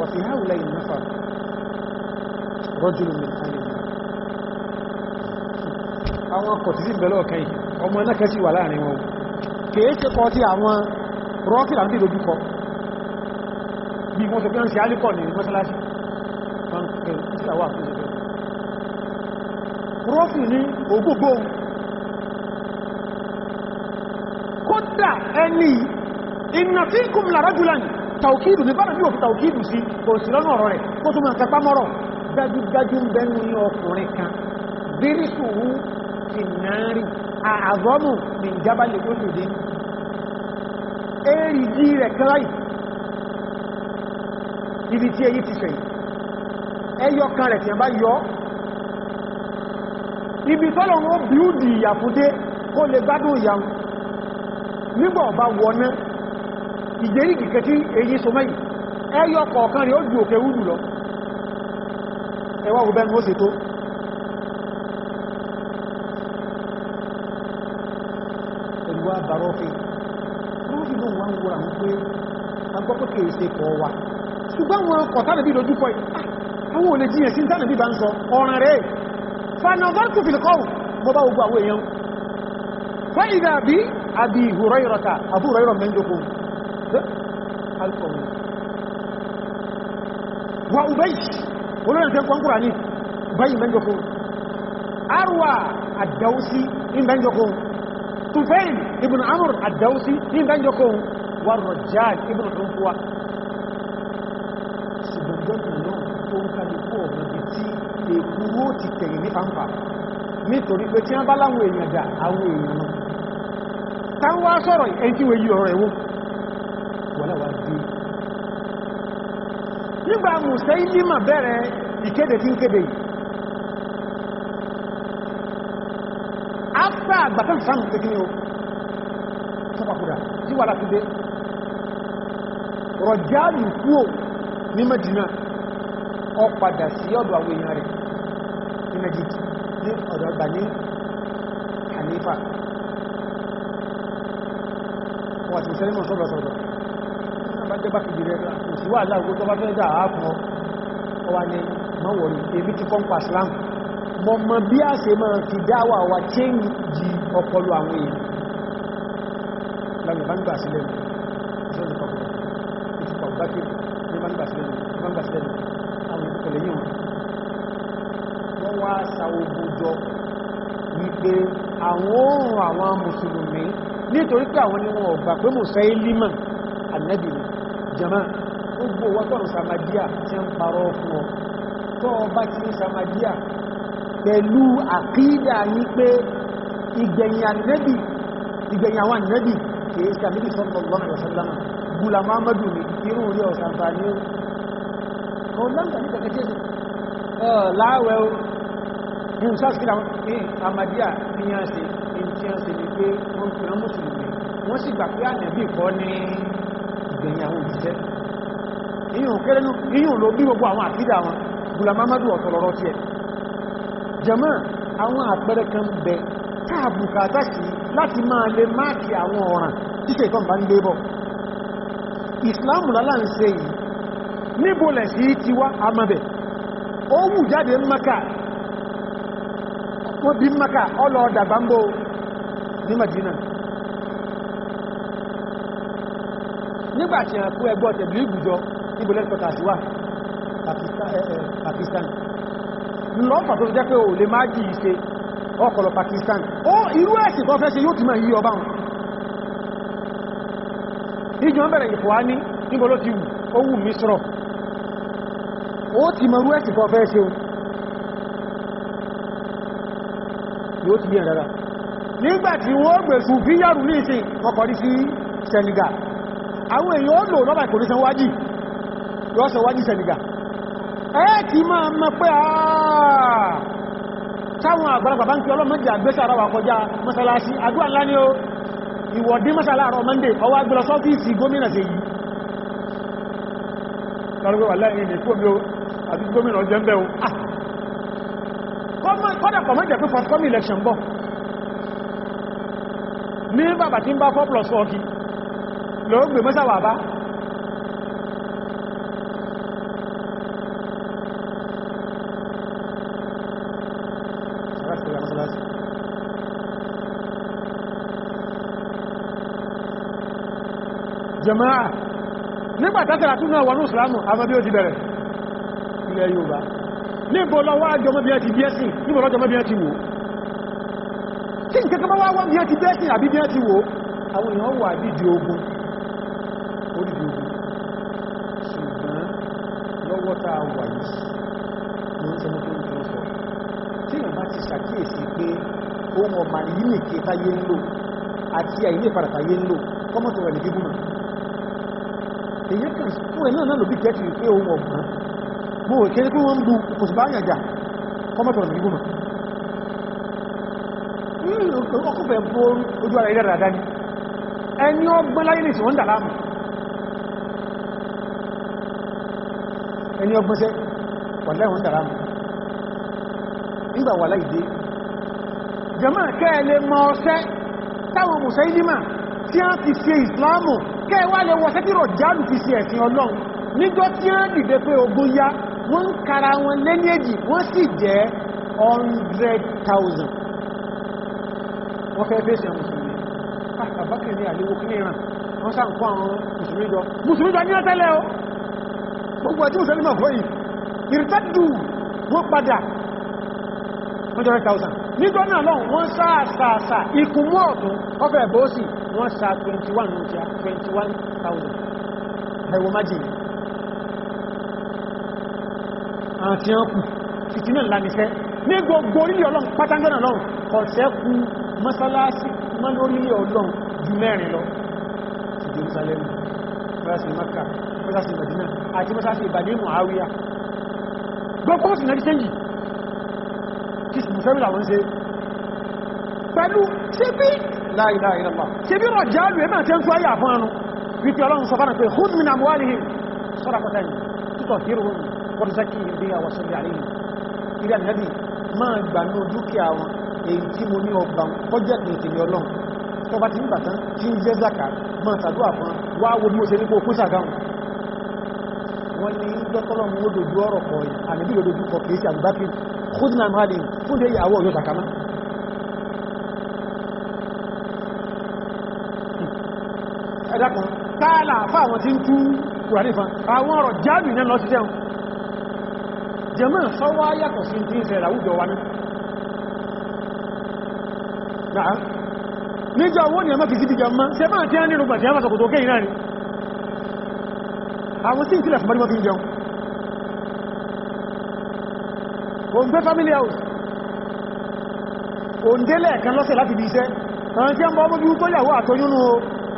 وفي هؤلاء النفر رجل من آل àwọn kọ̀tísìn bẹ̀lọ́ ọ̀kan yìí ọmọ ẹ̀nà kẹsì wà láàrin wọn kìí ṣe kọ́ tí àwọn rọ́kìlà ń dìdò dúkọ bí wọ́n tó fẹ́ràn sí alìkọ̀ ní mọ́sálásí rọ́fì ní ògbógbó tàùkìdù ní bára bí òfin tàùkìdù sí òsì lọ́nà ọ̀rọ̀ rẹ̀ kó tó máa kẹpa mọ́rọ̀ dájúdájú ń bẹnu ní ọkùnrin kan bírísùwú ti náàrí àzọ́mù ní ìjábá lè tó lè dé èrì jí rẹ̀ kíláì ibi tí èyí ti fẹ̀ ẹyọ kan rẹ̀ tí a bá yọ ibi tọ́lọ̀ wọn bíúdì ìyàfúdé kó lè gbádùn ìyàwó nígbà ọba wọná ìgbèrí kìkẹ́ tí èyí so mẹ́yìn ẹyọ kọ̀ọ̀kan rí ó jù òkè wúdù lọ ẹwà ọgbẹ́ ní ó sì tó ẹlúwà bàrọ́ fi wọ́n fi bọ́ wọn wọ́n àwọn pé agbọ́pọ̀kẹ́ ìṣẹ́ kọ̀ wà ṣùgbọ́n wọn kọ̀ tánàbí lójúkọ̀ àwọn olè ah, jíyàn sí tánàbí bá ń sọ ọ̀ràn rẹ̀ fanavọ́tù fìlìkọ́ù bọ́bá ogun àwọn èèyàn fẹ́ ìdàbí àbí ìhùrọ̀ ìrọ̀ta àbúrò ìrọ̀ mẹ́jọ́kùn wa ubai olórin tẹ́ kwan kúrà ní bai mẹ́jọkó arwa addausi in mẹ́jọkó tufail ibn amur addausi in mẹ́jọkó wa rajaj ibn rumfuwa ṣùgbọ́n náà tó ń kàlùkọ́ ọ̀gbẹ̀ tí èkúrò ti tẹ̀rẹ̀ ní fanfa nítorí pé tí wọ́n bá láwọn èèyàn dà àwọn èèyàn náà táwọn wá sọ̀rọ̀ ẹ̀ntí wèyí ọ̀rọ̀ ẹ̀wọ́ nígbà Musailima bẹ̀rẹ̀ ìkéde tí ń kéde yìí after àgbàtàn sáàmù kékeré o sọ́pàkúdà tí wà láti dé rọ̀jáàlù kúò ní Mẹ́dínà ó padà sí ọ̀dọ̀ àwọn èèyàn rẹ̀ ní Nàìjíríà ní ọ̀dọ̀ ọgbà ní Hanifa wọ́n ti Musailima sọ́dọ̀ sọ́dọ̀ sí wà láàrùn tó bá fẹ́ dà ápùn ọ wà ní mọ́wọ̀lù èmi ti kọ́ pa Islam mọ́ mọ́ bí a ṣe máa ti dáwà wà chéńjì ọpọlọ àwọn èèyàn láàrùn bá ń gbà sílẹ̀ wípé àwọn oòrùn àwọn mùsùlùmí nítorí pé àwọn ni wọn ò gbà pé mùsẹ́ ilímọ̀ annabi jama'a gbogbo wọ́n tọ́rọ sàmàdíà tí ń parọ́ fún ọ tó bá ti ń sàmàdíà pẹ̀lú àkídà yí pé ìgbẹ̀yìn ànẹ́bì ìgbẹ̀yìn àwọn ànẹ́bì kìí sàmìlì sallallahu gula mamadu ni irú orí ọ̀sànfà ní láwẹ̀ ní ìsáàsìkìlá àmàdíà ní yá ṣe ní tí yá ṣe ní pé wọ́n fi rán mùsùlùmí wọ́n sì gbà pé ànẹ́bì kọ́ ní ìgbẹ̀yìn àwọn òjíṣẹ́ ìyùn kẹrẹnú ìyùn ló bí gbogbo àwọn àkídà wọn gulamamadu ọ̀tọ̀lọ̀rọ̀ tí ẹ̀ jẹ́mọ́ àwọn àpẹẹrẹ kan bẹ táàbùkátà sí láti máa lè máàkì àwọn ọ̀ràn tí ṣe ìtọ́ bá ń dé bọ̀ ìsìláàmù lálá ń ṣe yìí níbo lẹ̀ sí ti wá amabẹ̀ ó wù jáde maka wọ́n bí maka ọlọ́ọ̀dà bá ń bó ní madina nígbàtí àkú ẹgbọ́ tẹ̀bí ìgùjọ níbo lẹ́tọ̀ọ̀tà sí Pakistan lọ́pàá tó jẹ́ pé ò lè máa jì ìṣe ọkọ̀lọ̀ Pakistan ó irú ẹ̀sì kan fẹ́ ṣe yóò túnmọ̀ yí ọba wọn ìjọ ń bẹ̀rẹ̀ ìfò á ní níbo ló ti wù ó wù mí sọ́rọ̀ ó ti mọ̀ irú ẹ̀sì kan fẹ́ ṣe yóò ti bí ẹ̀rẹ́ra nígbàtí wọ́n gbèsù fíyàrù ní ìsìn ọkọ̀rí sí Senegal àwọn èèyàn ó lò lọ́bàá ìkòrísẹ́wájì yọ́sẹ̀ wájí sẹ̀nìgà ẹ́ẹ̀kì máa mọ́ pé àà táwọn àgbàlagbà bá ń kí ọlọ́mọ́dé àgbésà ara wà kọjá mọ́sálásí àdúrà ńlá ni ó ìwọ̀dí mọ́sálá àrọ̀ mọ́ndé ọwá gbẹ̀rọ sọ́fíìsì gómìnà sí yìí lọ́rọ̀gbẹ̀ wà láàrin ilẹ̀ fóòmí ó àti gómìnà ah! jẹ́ ń bẹ́ ohun kọ́dà kọ̀mọ́jẹ̀ pé forthcoming election bọ́ ní bàbá tí ń bá 4 plus 4 kí lọ́gbẹ̀ mọ́sálà bá jama'a nígbà tátàrà tún náà wọnú islamu àmọ́ bí ó ti bẹ̀rẹ̀ ilẹ̀ Yorùbá níbo lọ wá jọmọ́ bí ẹ ti bíẹ́sìn níbo lọ jọmọ́ bí ẹ ti wò tí n kẹkẹ bá wá wọ́n bí ẹ ti bíẹ́sìn àbí bí ẹ ti wò àwọn èèyàn wà dídì ogun orídì ogun ṣùgbọ́n lọ́wọ́ ta wà yìí ní ìṣẹ́mọ́ tó ń tó sọ tí ìrìnbá ti fún ẹ̀nà náà lòbí kẹ́ẹ̀kì pé ohun ọ̀gbọ̀n mú òkèrè pé wọ́n ń bu òṣùpá àyàjà kọ́mọ̀tọ̀rọ̀ ní gúnmọ̀ hmm, ọkùnfẹ́ bó ojú ara ilẹ̀ ràdá ni ẹni ọgbọ́n láyé lè sí wọ́n dà láàmù ẹni ọgbọ́n sẹ́ wọ́n láyé wọ́n dà láàmù nígbà wà láyé dé jẹ́mọ́ kẹ́ẹ̀lẹ́ mọ́ ọ̀sẹ́ táwọn mùsẹ́ ìlímà tí a ti fi ìsìláàmù kẹwàá lè wọ́n sẹ́tìrọ̀ jálù fi sí ẹ̀sìn ọlọ́run nígbọ́ tí ó dìde pé ogun yá wọ́n ń kara wọn lé ní èjì wọ́n sì jẹ́ 100,000 wọ́n fẹ́ fèsì àwọn mùsùlùmí ah, àbákẹ́ ní àléwò kí ní ìran wọ́n sá ń kọ́ àwọn mùsùlùmí jọ mùsùlùmí jọ ní ọ́tẹ́lẹ̀ o gbogbo ẹ̀tí mùsùlùmí mọ̀ fọ́ yìí ìrìtẹ́dù wọ́n padà 100,000 nígbọ́n náà lọ́wọ́ wọ́n sáà sáà sáà ikú mọ́ ọ̀tún ọbẹ̀ bóòsì wọ́n sa 21 rúkìá 21,000 ẹwọ májì àti ọkù títí náà lánìṣẹ́ ní gbogbo orílẹ̀ ọlọ́run pátángọ́nà lọ́run kọ̀ọ̀sẹ́ kú mọ́sálásí mọ́ lórílẹ̀ ọlọ́run ju mẹ́rin lọ ti Jerusalem mọ́sálásí Maka mọ́sálásí Madina àti mọ́sálásí ìbàdí Muawiya gbogbo sì náà sẹ́yìn kí sì mú fẹ́rìlà wọ́n ṣe pẹ̀lú ṣe bí la ilaha illallah ṣe bí rọ̀já lù ẹ̀mà tẹ́ ń tó ayà fún ẹnu wípé ọlọ́run sọ fánà pé hud min amwalihim sadaqatan tutahhiruhum wa tuzakkihim biha wa salli alayhim ìrẹ́ ànábì máa gbà ní dúkìá wọn èyí tí mo ní ọgbà kọjẹ́ ìtìlẹ̀ ọlọ́run tó bá ti ń bàtán tí ń jẹ́ zaka máa tàdúwà fún wá wo bí ó ṣe nípo òkúta gáhùn wọ́n ẹ̀dàkùn tààlà àfà àwọn tí ń tú kùránì fan àwọn ọ̀rọ̀ jálù ìyẹn lọ sí jẹun jẹmọ́ sọ́wọ́ yàtọ̀ sí tí ń sẹ ìràwùjọ wa náà níjọ owó ni ẹmọ́ fi sí ìjọ mọ́ sẹ máa tí a nínú gbàtí àwọn sọkòtò kéyìn náà ni àwọn sí ìtìlẹ̀ fún mọ́dímọ́ fi ń jẹun òǹgbé family a ń bọ́ ọmọ bí wú tó yàwó àtọyúnú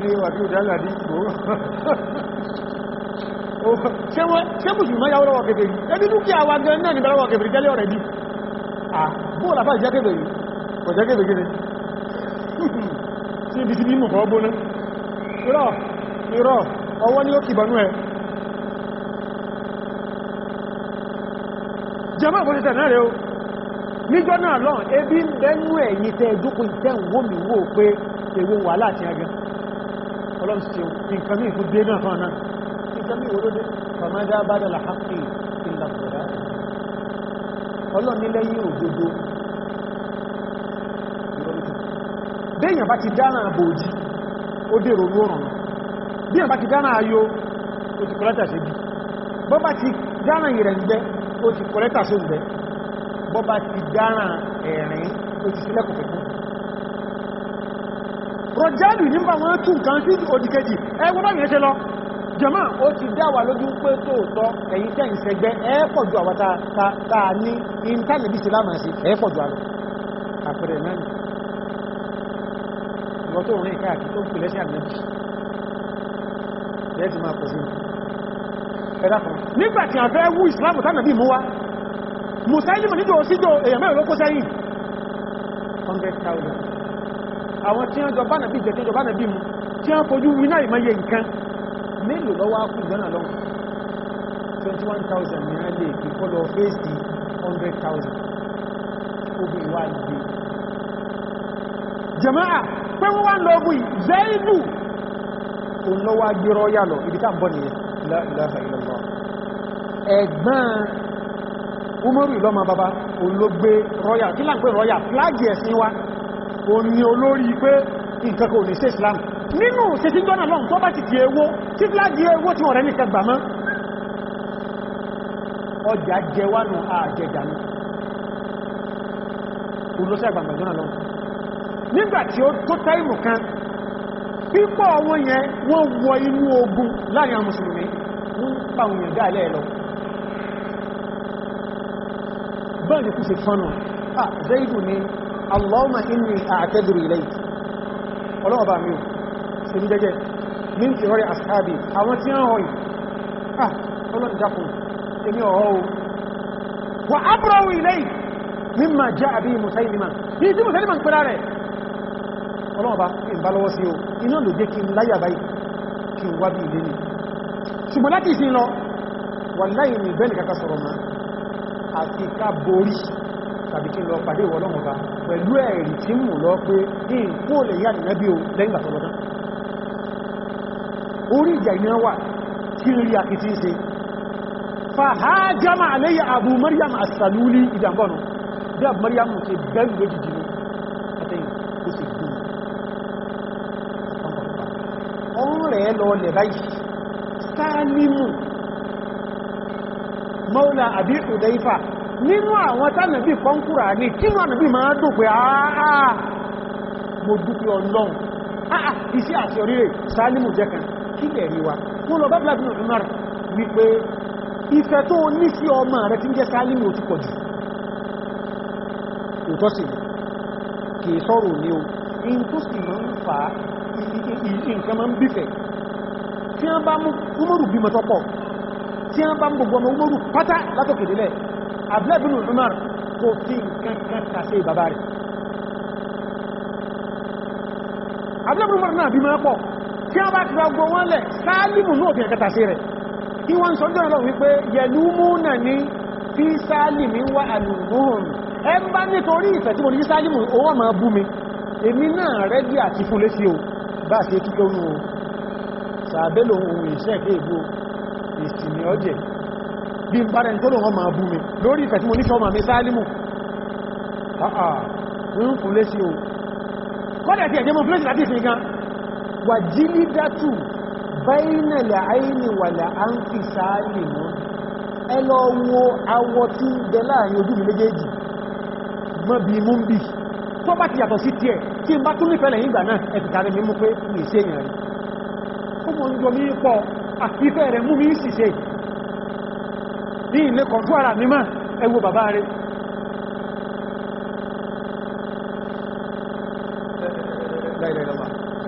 lé àbí òdálà dí ṣe mùsùlùmí yàwó lọ́wọ́ kèfèrí ẹbí dúkìá wa gan náà ní bẹ̀rẹ̀ wọ́n kèfèrí tẹ́lẹ̀ ọ̀rẹ́ dì bóò làbá ìjẹ́ kèfèrí kò jẹ́ kèfèrí kèfèrí sí ibi sí bí mú kọ́ bóná irọ́ irọ́ ọwọ́ ni ó kìbọnú ẹ jẹmọ́ ìbọ̀sẹ̀tẹ̀ náà rẹ̀ o níjọ́ náà lọ́n ebi ń bẹ́nú ẹ̀yìn tẹ́ ẹjúkú ìtẹ́ ìwó mi wó pé èwo wà láti agan ọlọ́run ṣe nǹkan ní ìkú dé náà fún ọ̀nà nǹkan ní ìwòlódé fàmádá bá dà láhàkì ìlàkùnrà ọlọ́run nílẹ̀ yìí òdodo béèyàn bá ti dáná àbòjì ó dèrò lórùn béèyàn bá ti dáná ayó ó ti kọ́lẹ́tà sí bí bọ́ bá ti dáná ìrẹ̀ǹgbẹ́ ó ti kọ́lẹ́tà sí ìgbẹ́ bọ́ bá ti dáná ẹ̀rin ó ti sílẹ̀kùnfẹ́ jálù nígbà wọn tún kan sí òdìkejì ẹwọ́n bá yẹn ṣe lọ jẹmọ́ ó ti dá wa lójú pé tóòtọ́ ẹ̀yìn tẹ́ ìṣẹ́gbẹ́ ẹ́pọ̀jù àwọn ta ní intanẹ̀bí sí lámà sí ẹ́pọ̀jù àwọn àpẹẹrẹ náà ni ìwọ́n tó rìn káàkì tó ń pè lẹ́sẹ̀ àmẹ́bì lẹ́ẹ̀tì máa pọ̀ sí ẹ̀dàkùn nígbàtí a fẹ́ wú ìsìlámù tánàbí mú wá mùsáìlìmù nídò síjò èèyàn mẹ́rin ló kó sẹ́yìn 100,000 àwọn tí wọ́n jọba nàbí jẹ́ tí jọba nàbí mu tí wọ́n fojú iná ìmọ̀ye nǹkan mélòó lọ́wọ́ á kú ìgbọ́nà lọ́wọ́ 21,000 ní a lè kí kọ́ lọ fèsì 100,000 obìnrin wà níbi jẹ́máà pé wọ́n wá lọ bú ìzẹ́ìlú òun lọ́wọ́ agbérọ́ yà kí láà ń flag ẹ̀sìn wa o ní olórí pé nǹkan kò ní sí islam nínú sẹ́sí jọ́nà lọ́n tó bá ti di ewó tí láti ewó tí wọ́n rẹ̀ nìkan gbà mọ́ ọjà jẹwánu àjẹjà ní olóṣẹ́ àgbàmọ̀ jọ́nà lọ́n nígbà tí ó tó táìmù kan pípọ̀ wọn yẹn wọ́n wọ inú ogun láàrin àwọn mùsùlùmí ń pàwọn èèyàn dá ilẹ̀ lọ bẹ́ẹ̀ ni kú se fọ́nà ah zaidu ni allahumma inni a'tadiru ilayk ọlọ́wọ́ bá mi ṣe ní jẹ́jẹ́ ní ti rọrẹ ashabi àwọn tí wọ́n hàn ah ọlọ́n dákùn èmi ọ̀họ́ o wà ábúrọ̀wù ilayk mimma ja'a bihi musaylima ní tí musaylima ń pẹ́lá rẹ̀ ọlọ́wọ́ bá ń bá lọ́wọ́ sí o iná ló jẹ́ kí n láyà báyìí kí n wá bí ilé ni ṣùgbọ́n láti ìsin lọ wà láì ní bẹ́ẹ̀ àbí kí lọ pàdé ìwọ̀ ọlọ́run ọba pẹ̀lú ẹ̀rí tí mú lọ pé ìkó lè yà nìyà bí o lẹ́yìn àtọ́lọ́dá orí ìjà iná wà tí rí àkìtí ṣe fàhájámà àléyà Abu as-Saluli ìjàmbọ̀nù bí Abu Maryam ti bẹ́ẹ̀ nínú àwọn tánàbí kọ́nkúrà ní kínú ànàbí máa tó pé àà mo dúpẹ́ ọlọ́run àà iṣẹ́ àti orílẹ̀ sálímù jẹ́kan kí lẹ̀rí wa tó lọ bábílá bí Umar wípé ìfẹ́ tó ní sí ọmọ rẹ̀ tí ń jẹ́ sálímù ò ti pọ̀ jù òtọ́ sí kìí sọ́rọ̀ ní o in tó sì máa ń fa nǹkan máa ń bífẹ̀ tí wọ́n bá mú Umaru bímọ tọ́pọ̀ tí wọ́n bá mú gbogbo ọmọ Umaru pátá látọ̀kèdélẹ̀ Abdullah bin Umar kò fi nǹkan kan kàṣe bàbá rẹ̀ Abdullah bin Umar náà bí máa pọ̀ tí a bá ti ra gbọ́ wọ́n lẹ̀ Sálímù náà fi ẹ̀kẹta sí rẹ̀ kí wọ́n sọ jọ́nà lọ́wọ́ wípé yẹ̀lú múnà ní tí Sálímù wà àlùmọ́hùn ẹ ń bá nítorí ìfẹ́ tí mo ní Sálímù owó máa bú mi èmi náà rẹ́dí àti fún lésí o bá ṣe bí n bá rẹ̀ tó lọ́wọ́ máa bú mi lórí ìfẹ̀ tí mo nífẹ́ ọmọ mi sáálímù ah, ah, ń fún sí o kọ́dẹ̀ tí ẹ̀jẹ́ mọ́ fún lé sí láti ìfẹ́ gan wà jí ní dátù báyínàlẹ̀ àìní wà láàáńtì sáálímù ẹ lọ wo awọ tí ń bẹ láàrin ojú mi méjèèjì mọ́ bí mú ń bì tó bá ti yàtọ̀ sí tiẹ̀ tí n bá tún nífẹ́ lẹ́yìn ìgbà náà ẹ̀tìtàrí mi mú pé mi ìṣe èèyàn rí ó mọ̀ ń jọ ní ilé kọ̀tún ara mímọ̀ ẹwọ bàbá rẹ̀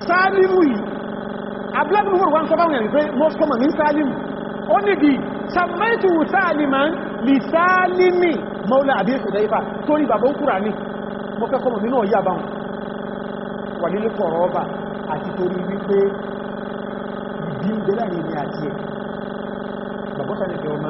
sáàlìmù yìí abúlábùnúwòrò wọn sọ báwọn ẹ̀rìnfẹ́ most common ní sáàlìmù ó níbi sàmẹ́tù sáàlìmà lè sáàlìmì maula àbí ìfẹ̀dẹ̀ ifá torí bàbá ń kúrà ní mọ́fẹ́ kọmọ̀ nínú ọ̀yá báwọn wà nílé kọ̀rọ̀ ọba àti torí wípé ìdí ìgbẹ́lẹ̀ ni àti ẹ̀ bàbá sáàlìmì ọmọ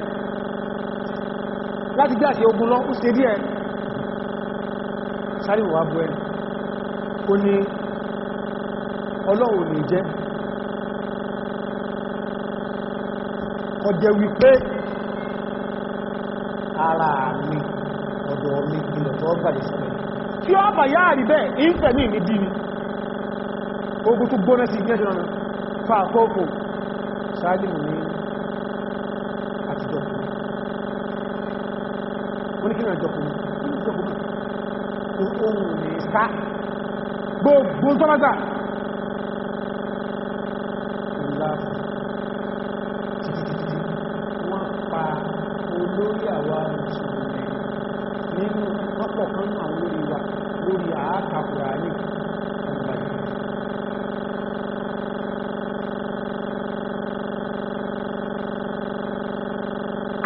láti gbé àti ogun lọ ó ṣe díẹ̀ sáré wà bú ẹni o ní ọlọ́run ní jẹ́ ọjẹ́ wípé ara mi ọ̀dọ̀ mi ìlọ̀ tó gbàlẹ̀ sọ́rọ̀ tí ó bà yáà rí bẹ́ẹ̀ ìfẹ̀mí ní bí ni ogun tó gbóná sí ìgbẹ́jọ́ náà fà kókò sáájú ní wọ́n ní kí náà jọkùn ní jọkùn ní ohun ní sá gbogbo sọ́mọ́gbà wọ́n pa olórí àwa mùsùlùmí nínú ọ̀pọ̀ kan àwọn olórí wa lórí àákàkùrà ní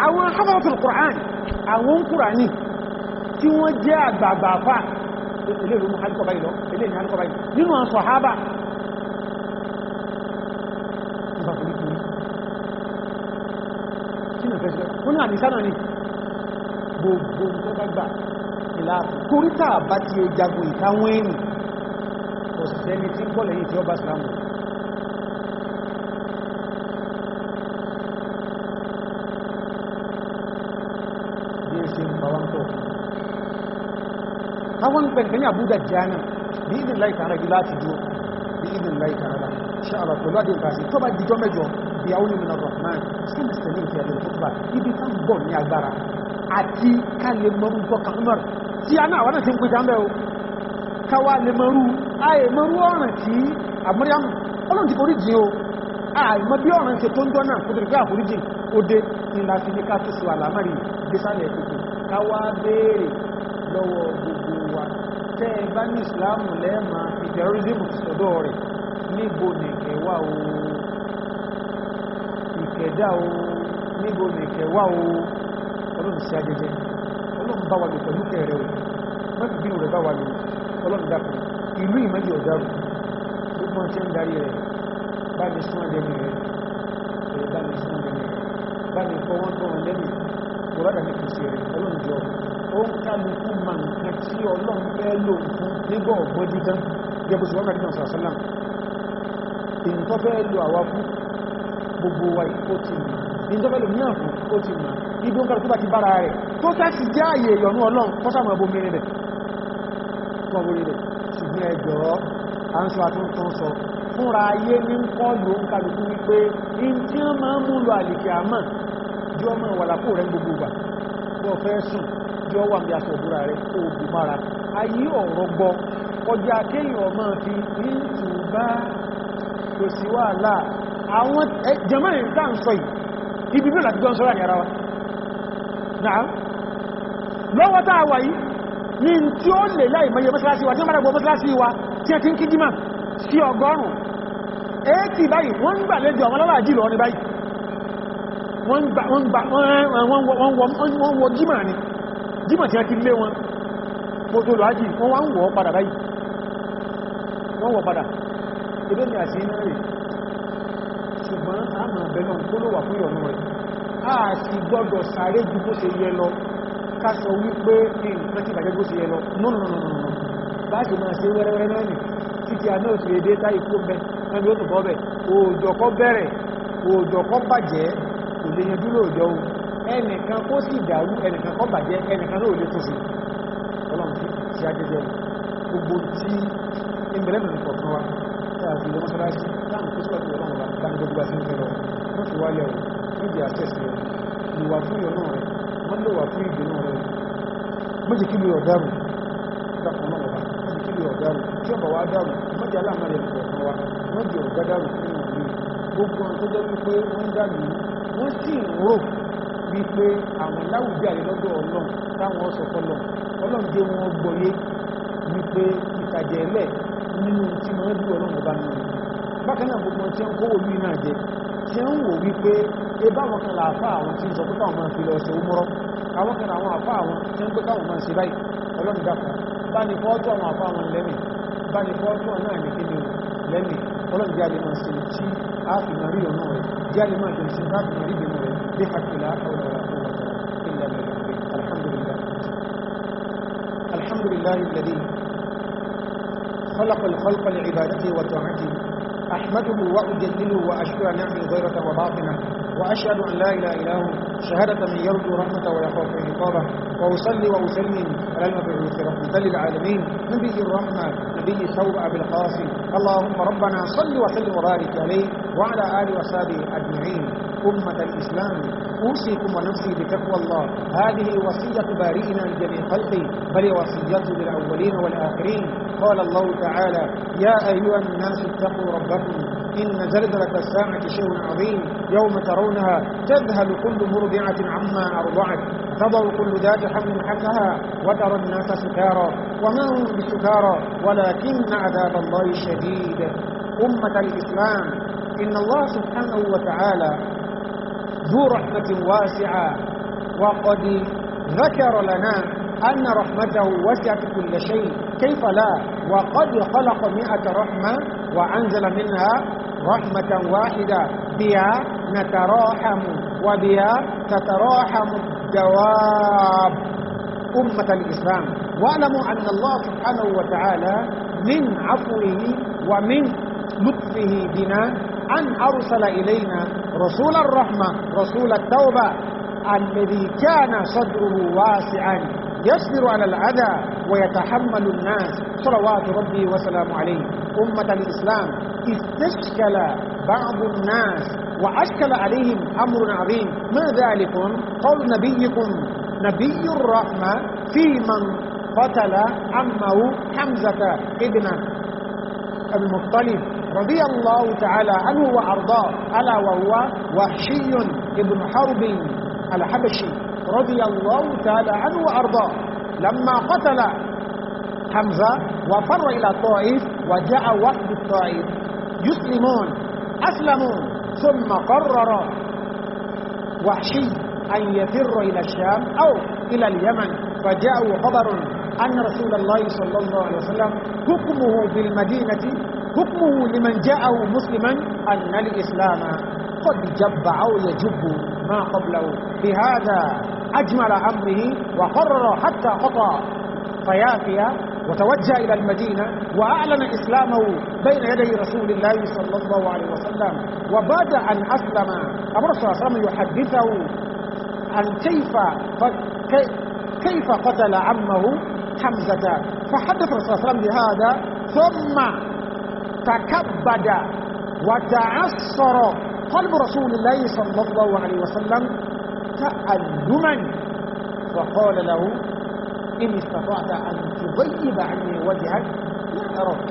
àwọn hafọ́tùl Kùránì àwọn Kùránì tí wọ́n jẹ́ àgbààgbà àfà ilé ìlú alìkọ̀bá ìlọ ilé ìlú alìkọ̀bá ìlọ nínú àwọn sọ̀hábà torí tàà bá ti jagun ìtàwọn èèyàn kò sí ẹni tí ń kọ́ lẹ́yìn tí ó bá sàrámù ń pẹ̀lú ní àbúdà jana bí ìdìn láì tààrà gí láti dúró bí ìdìn láì tààrà ṣàlọ̀ pẹ̀lú àdé ìbáṣe tó bá jíjọ mẹ́jọ bí àwọn olùmìnà rahman sí mùsùlùmí ìfẹ́ àdé ìfúkúbà ibi tá ń bọ̀ ní agbára àti ká lè mọ́rú tọ́ka umar tí a náà wọ́n ti ń pèjá mẹ́ o káwa lè mọ́rú ayè mọ́rú ọ̀ràn tí àmúríyá ọlọ́run ti foríjì o àìmọ́ bí ọ̀ràn ṣe tó ń dọ́nà kó tẹ̀lé pé àforíjì ó dé ìlàfíníkà tó so àlàmárì gbésàlẹ̀ ètò káwa béèrè lọ́wọ́ gbogbo wa tẹ́ ẹ bá ní ìsìláàmù lẹ́ẹ̀mà ìtẹ̀rọrìsìmù ti sọ́dọ̀ rẹ̀ níbo nìkẹ̀wà o ìkẹ̀dá o níbo nìkẹ̀wà o ọlọ́run sí ajẹjẹ ọlọ́run bá wà lò pẹ̀lú kẹrẹ o mọ́bí bínú rẹ̀ bá wà lò ọlọ́run dákùn ìlú ìmẹ́jì ọ̀dárù gbogbo ọ̀tẹ́ ń darí rẹ̀ bá ní súnmọ́ rẹ̀ fẹ́ lò nígbọ̀ ọ̀gbọ́dí tán gẹbùsù wọ́n kàdínà sàásánlám èyí tó fẹ́ lò àwa fún gbogbo wa ó ti mọ̀ èyí tó fẹ́ lò mìíràn fún ó ti mọ̀ ibi ó kàrùkú bá ti bára rẹ̀ tó sẹ́sì jẹ́ àyè ìyọ̀nú ọlọ́run tó sàmọ̀ ẹbọ mẹ́rin rẹ̀ ṣùgbọ́n ẹgbẹ̀rọ à ń sọ àtúntàn sọ fúnra ayé ní kọ́ ló ń kàlùkú wípé in tí wọ́n máa ń mú lọ àlèkè àmà jọ máa wà lápò rẹ̀ gbogbo gbà wọ́n fẹ́ sùn jọ wà bí aṣọ ìbúra kó o gbò mára ayé ọ̀rọ̀ gbọ́ ọjà kéyìn ọmọ fi ní ìtùbá kò sí wà láà àwọn jẹmọ́rin tá ń sọ yìí ibi bí láti gbọ́n sọ́rọ̀ ní wa náà lọ́wọ́ tá a wà yìí ní tí ó lè láì mọ́yẹ mọ́sálásí wa tí wọ́n wọ́n ń ni jímà tí a ti lé wọn gbogbo lọ́ájì wọ́n wá ń wọ́ padà báyìí wọ́n wọ́ padà ebé ni àti iná rẹ̀ ṣùgbọ́n àmà bẹ̀lọ́n tó ló wà fún ìrọ̀nà rẹ̀ a ti gbọ́dọ̀ sáré ju bó ṣe yẹ lọ ká sọ wípé nǹkan ti bàjẹ́ bó ṣe yẹ lọ nọ́nàmọ́nà bá ṣe máa ṣe wẹ́rẹ́wẹ́rẹ́ náà nì títí àná òsì èdè táyì kó bẹ ẹni ó tún bọ́ bẹ òòjọ̀kọ́ bẹ̀rẹ̀ òòjọ̀kọ́ bàjẹ́ òlèyàn dúró òjò ẹnìkan kó sì dàrú ẹnìkan kọ́ bàjẹ́ ẹnìkan náà ò lè tún sí i ìjà jẹjẹ gbogbo tí ìbẹ̀lẹ́bẹ̀ ń kọ̀ọ̀kan wa láàrin ilé mọ́sálásí láàrin kó sọ́ọ̀tì ọlọ́run wa láàrin gbogbo àti ìfẹ́ lọ wọ́n fi wálẹ̀ ọ̀ níbi àtẹ́sì rẹ̀ lùwà fún ìyọ̀nà rẹ̀ wọ́n lè wà fún ìgbìnà rẹ̀ méjì kí lè ọ̀dárù dákùn náà wà méjì kí lè ọ̀dárù tí ọba wa dárù méjì aláàmọ́lẹ̀ kọ̀ọ̀kan wa méjì ọ̀dádárù nínú ìlú gbogbo àwọn tó jẹ́ wípé wọ́n dárù wọ́n sì rò wípé àwọn láwùjọ àyè tí ó kó olú iná jẹ tí ń wò wípé ebá wọn àwọn tí ń sọ pé káwọn máa fi òmúrọ́ àwọn kan àwọn خلق الخلق لعبادته وطاعته أحمده وأجدله وأشكر نعمه غيرة وباطنة وأشهد أن لا إله إلا هو شهادة من يرجو رحمته ويخاف عقابه وأصلي وأسلم على المبعوث رحمة للعالمين نبي الرحمة نبي ثوب أبي القاسم اللهم ربنا صل وسلم وبارك عليه وعلى آله وصحبه أجمعين أمة الإسلام أوصيكم ونفسي بتقوى الله هذه وصية بارئنا لجميع خلقه بل وصيته للأولين والآخرين قال الله تعالى يا أيها الناس اتقوا ربكم إن زلزلة الساعة شيء عظيم يوم ترونها تذهل كل مرضعة عما أرضعت تضع كل ذات حمل حملها وترى الناس سكارى وما هم بسكارى ولكن عذاب الله شديد أمة الإسلام إن الله سبحانه وتعالى ذو رحمة واسعة وقد ذكر لنا أن رحمته وسعت كل شيء كيف لا وقد خلق مئة رحمة وأنزل منها رحمة واحدة بها نتراحم وبها تتراحم جواب أمة الإسلام واعلموا أن الله سبحانه وتعالى من عفوه ومن لطفه بنا أن أرسل إلينا رسول الرحمة رسول التوبة الذي كان صدره واسعا يصبر على الأذى ويتحمل الناس صلوات ربي وسلامه عليه أمة الإسلام استشكل بعض الناس وأشكل عليهم أمر عظيم ما ذلك قول نبيكم نبي الرحمة في من قتل عمه حمزة ابن المطلب رضي الله تعالى عنه وأرضاه ألا وهو وحشي ابن حرب الحبشي رضي الله تعالى عنه وأرضاه لما قتل حمزة وفر إلى الطائف وجاء وفد الطائف يسلمون أسلموا ثم قرر وحشي أن يفر إلى الشام أو إلى اليمن فجاءوا خبر أن رسول الله صلى الله عليه وسلم حكمه بالمدينة حكمه لمن جاءه مسلما أن الإسلام قد جب أو يجب ما قبله بهذا أجمل أمره وقرر حتى قطع فيافيا وتوجه إلى المدينة وأعلن إسلامه بين يدي رسول الله صلى الله عليه وسلم وبعد أن أسلم أمر صلى الله عليه وسلم يحدثه عن كيف كيف قتل عمه حمزة فحدث الرسول صلى الله عليه وسلم بهذا ثم تكبد وتعصر قلب رسول الله صلى الله عليه وسلم تعلما فقال له إن استطعت أن تغيب عني وجهك لا أراك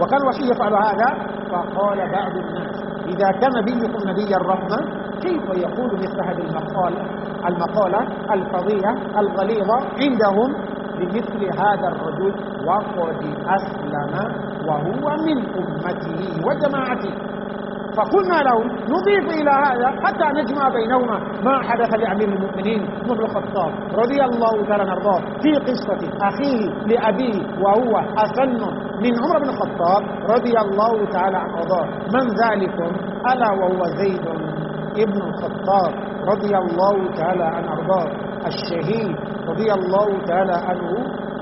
وكان وحي يفعل هذا فقال بعض الناس إذا كان نبيكم نبي الرحمة كيف يقول مثل هذه المقالة المقالة الفظيعة الغليظة عندهم لمثل هذا الرجل وقد أسلم وهو من أمته وجماعته فقلنا له نضيف إلى هذا حتى نجمع بينهما ما حدث لأمير المؤمنين بن الخطاب رضي الله تعالى عنه في قصة أخيه لأبيه وهو أسن من عمر بن الخطاب رضي الله تعالى عنه وارضاه من ذلكم ألا وهو زيد ابن الخطاب رضي الله تعالى عنه أرضاه الشهيد رضي الله تعالى عنه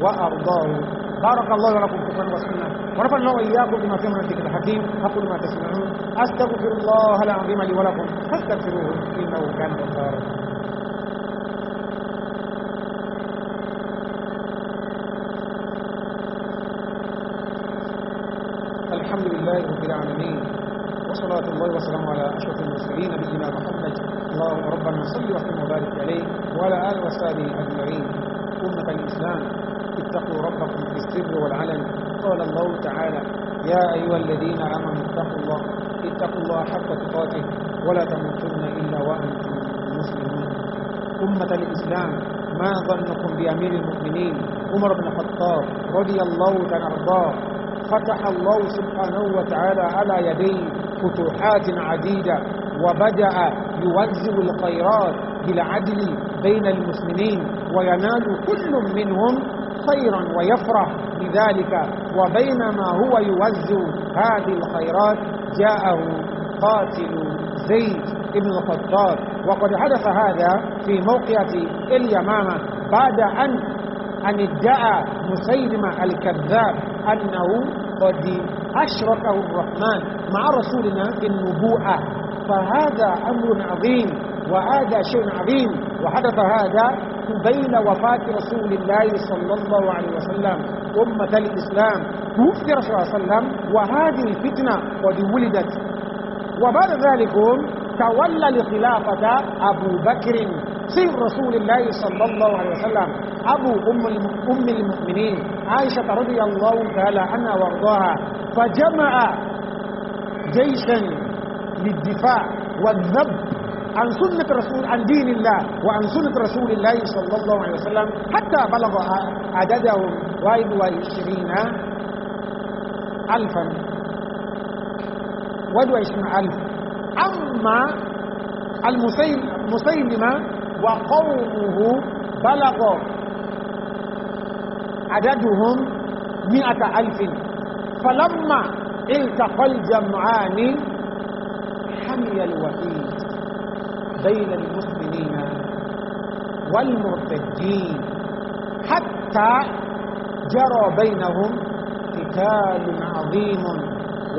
وأرضاه بارك الله لكم في القرآن والسنة ورفع الله إياكم بما فيه من الذكر الحكيم أقول ما تسمعون أستغفر الله العظيم لي ولكم فاستغفروه إنه كان غفارا الحمد لله رب العالمين وصلاة الله وسلامه على أشرف المرسلين نبينا محمد اللهم ربنا صل وسلم وبارك عليه وعلى آله وصحبه أجمعين تعالى يا أيها الذين آمنوا اتقوا الله اتقوا الله حق تقاته ولا تموتن إلا وأنتم مسلمون أمة الإسلام ما ظنكم بأمير المؤمنين عمر بن الخطاب رضي الله تعالى عنه فتح الله سبحانه وتعالى على يديه فتوحات عديدة وبدأ يوزع الخيرات بالعدل بين المسلمين وينال كل منهم خيرا ويفرح بذلك وبينما هو يوزع هذه الخيرات جاءه قاتل زيد بن الخطاب وقد حدث هذا في موقعة اليمامة بعد أن أن ادعى مسيلمة الكذاب أنه قد أشركه الرحمن مع رسولنا في النبوءة فهذا أمر عظيم وهذا شيء عظيم وحدث هذا بين وفاة رسول الله صلى الله عليه وسلم أمة الإسلام توفي رسول الله صلى الله عليه وسلم وهذه الفتنة قد ولدت وبعد ذلك تولى الخلافة أبو بكر سير رسول الله صلى الله عليه وسلم أبو أم المؤمنين عائشة رضي الله تعالى عنها وارضاها فجمع جيشا للدفاع والذب عن سنة رسول عن دين الله وعن سنة رسول الله صلى الله عليه وسلم حتى بلغ عددهم 21 ألفا 21 ألف أما المسيلمة وقومه بلغ عددهم مئة ألف فلما التقى الجمعان حمي الوحيد بين المسلمين والمرتدين حتى جرى بينهم قتال عظيم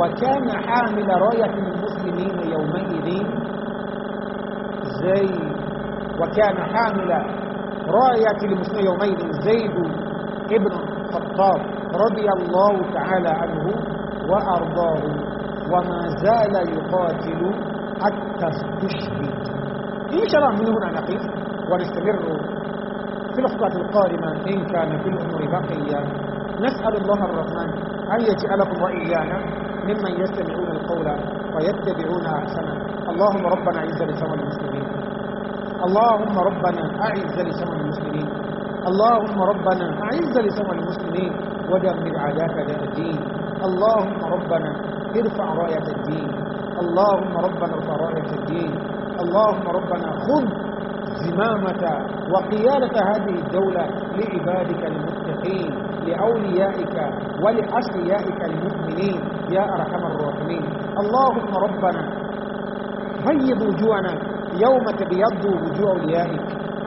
وكان حامل راية المسلمين يومئذ زيد وكان حامل راية المسلمين يومئذ زيد ابن الخطاب رضي الله تعالى عنه وأرضاه وما زال يقاتل حتى استشهد في الله من هنا نقف ونستمر في الخطوة القادمة إن كان في الأمور بقية نسأل الله الرحمن أن يجعلكم وإيانا ممن يستمعون القول ويتبعون أحسنه اللهم ربنا أعز لسوى المسلمين اللهم ربنا أعز لسوى المسلمين اللهم ربنا أعز لسوى المسلمين ودمر عداك داء الدين اللهم ربنا ارفع راية الدين اللهم ربنا ارفع راية الدين اللهم ربنا خذ زمامة وقيادة هذه الدولة لعبادك المتقين لأوليائك ولأشقيائك المؤمنين يا أرحم الراحمين اللهم ربنا بيض وجوهنا يوم تبيض وجوه أوليائك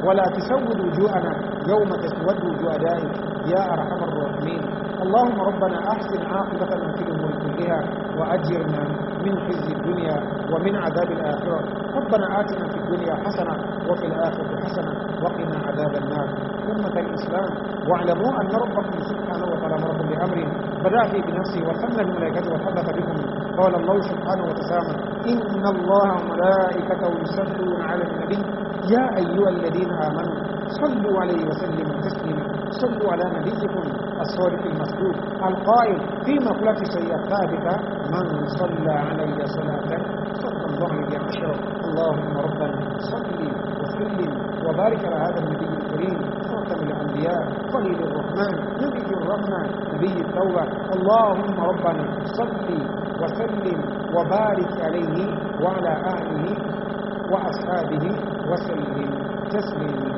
ولا تسود وجوهنا يوم تسود وجوه أدائك يا أرحم الراحمين اللهم ربنا أحسن عاقبتنا في الأمور كلها وأجرنا من خزي الدنيا ومن عذاب الآخرة ربنا آتنا في الدنيا حسنة وفي الآخرة حسنة وقنا عذاب النار أمة الإسلام واعلموا أن ربكم سبحانه وتعالى أمركم بأمر بدأ فيه بنفسه وثنى الملائكة وحدث بكم قال الله سبحانه وتعالى إن الله وملائكته يصلون على النبي يا أيها الذين آمنوا صلوا عليه وسلم تسليما صلوا على نبيكم الصادق المسجود القائل في مقلة سيئة ثابتة من صلى علي صلاة اللهم ربنا صل وسلم وبارك على هذا النبي الكريم خاتم الانبياء خليل الرحمن نبي الرحمه نبي التوبه اللهم ربنا صل وسلم وبارك عليه وعلى اهله واصحابه وسلم تسليما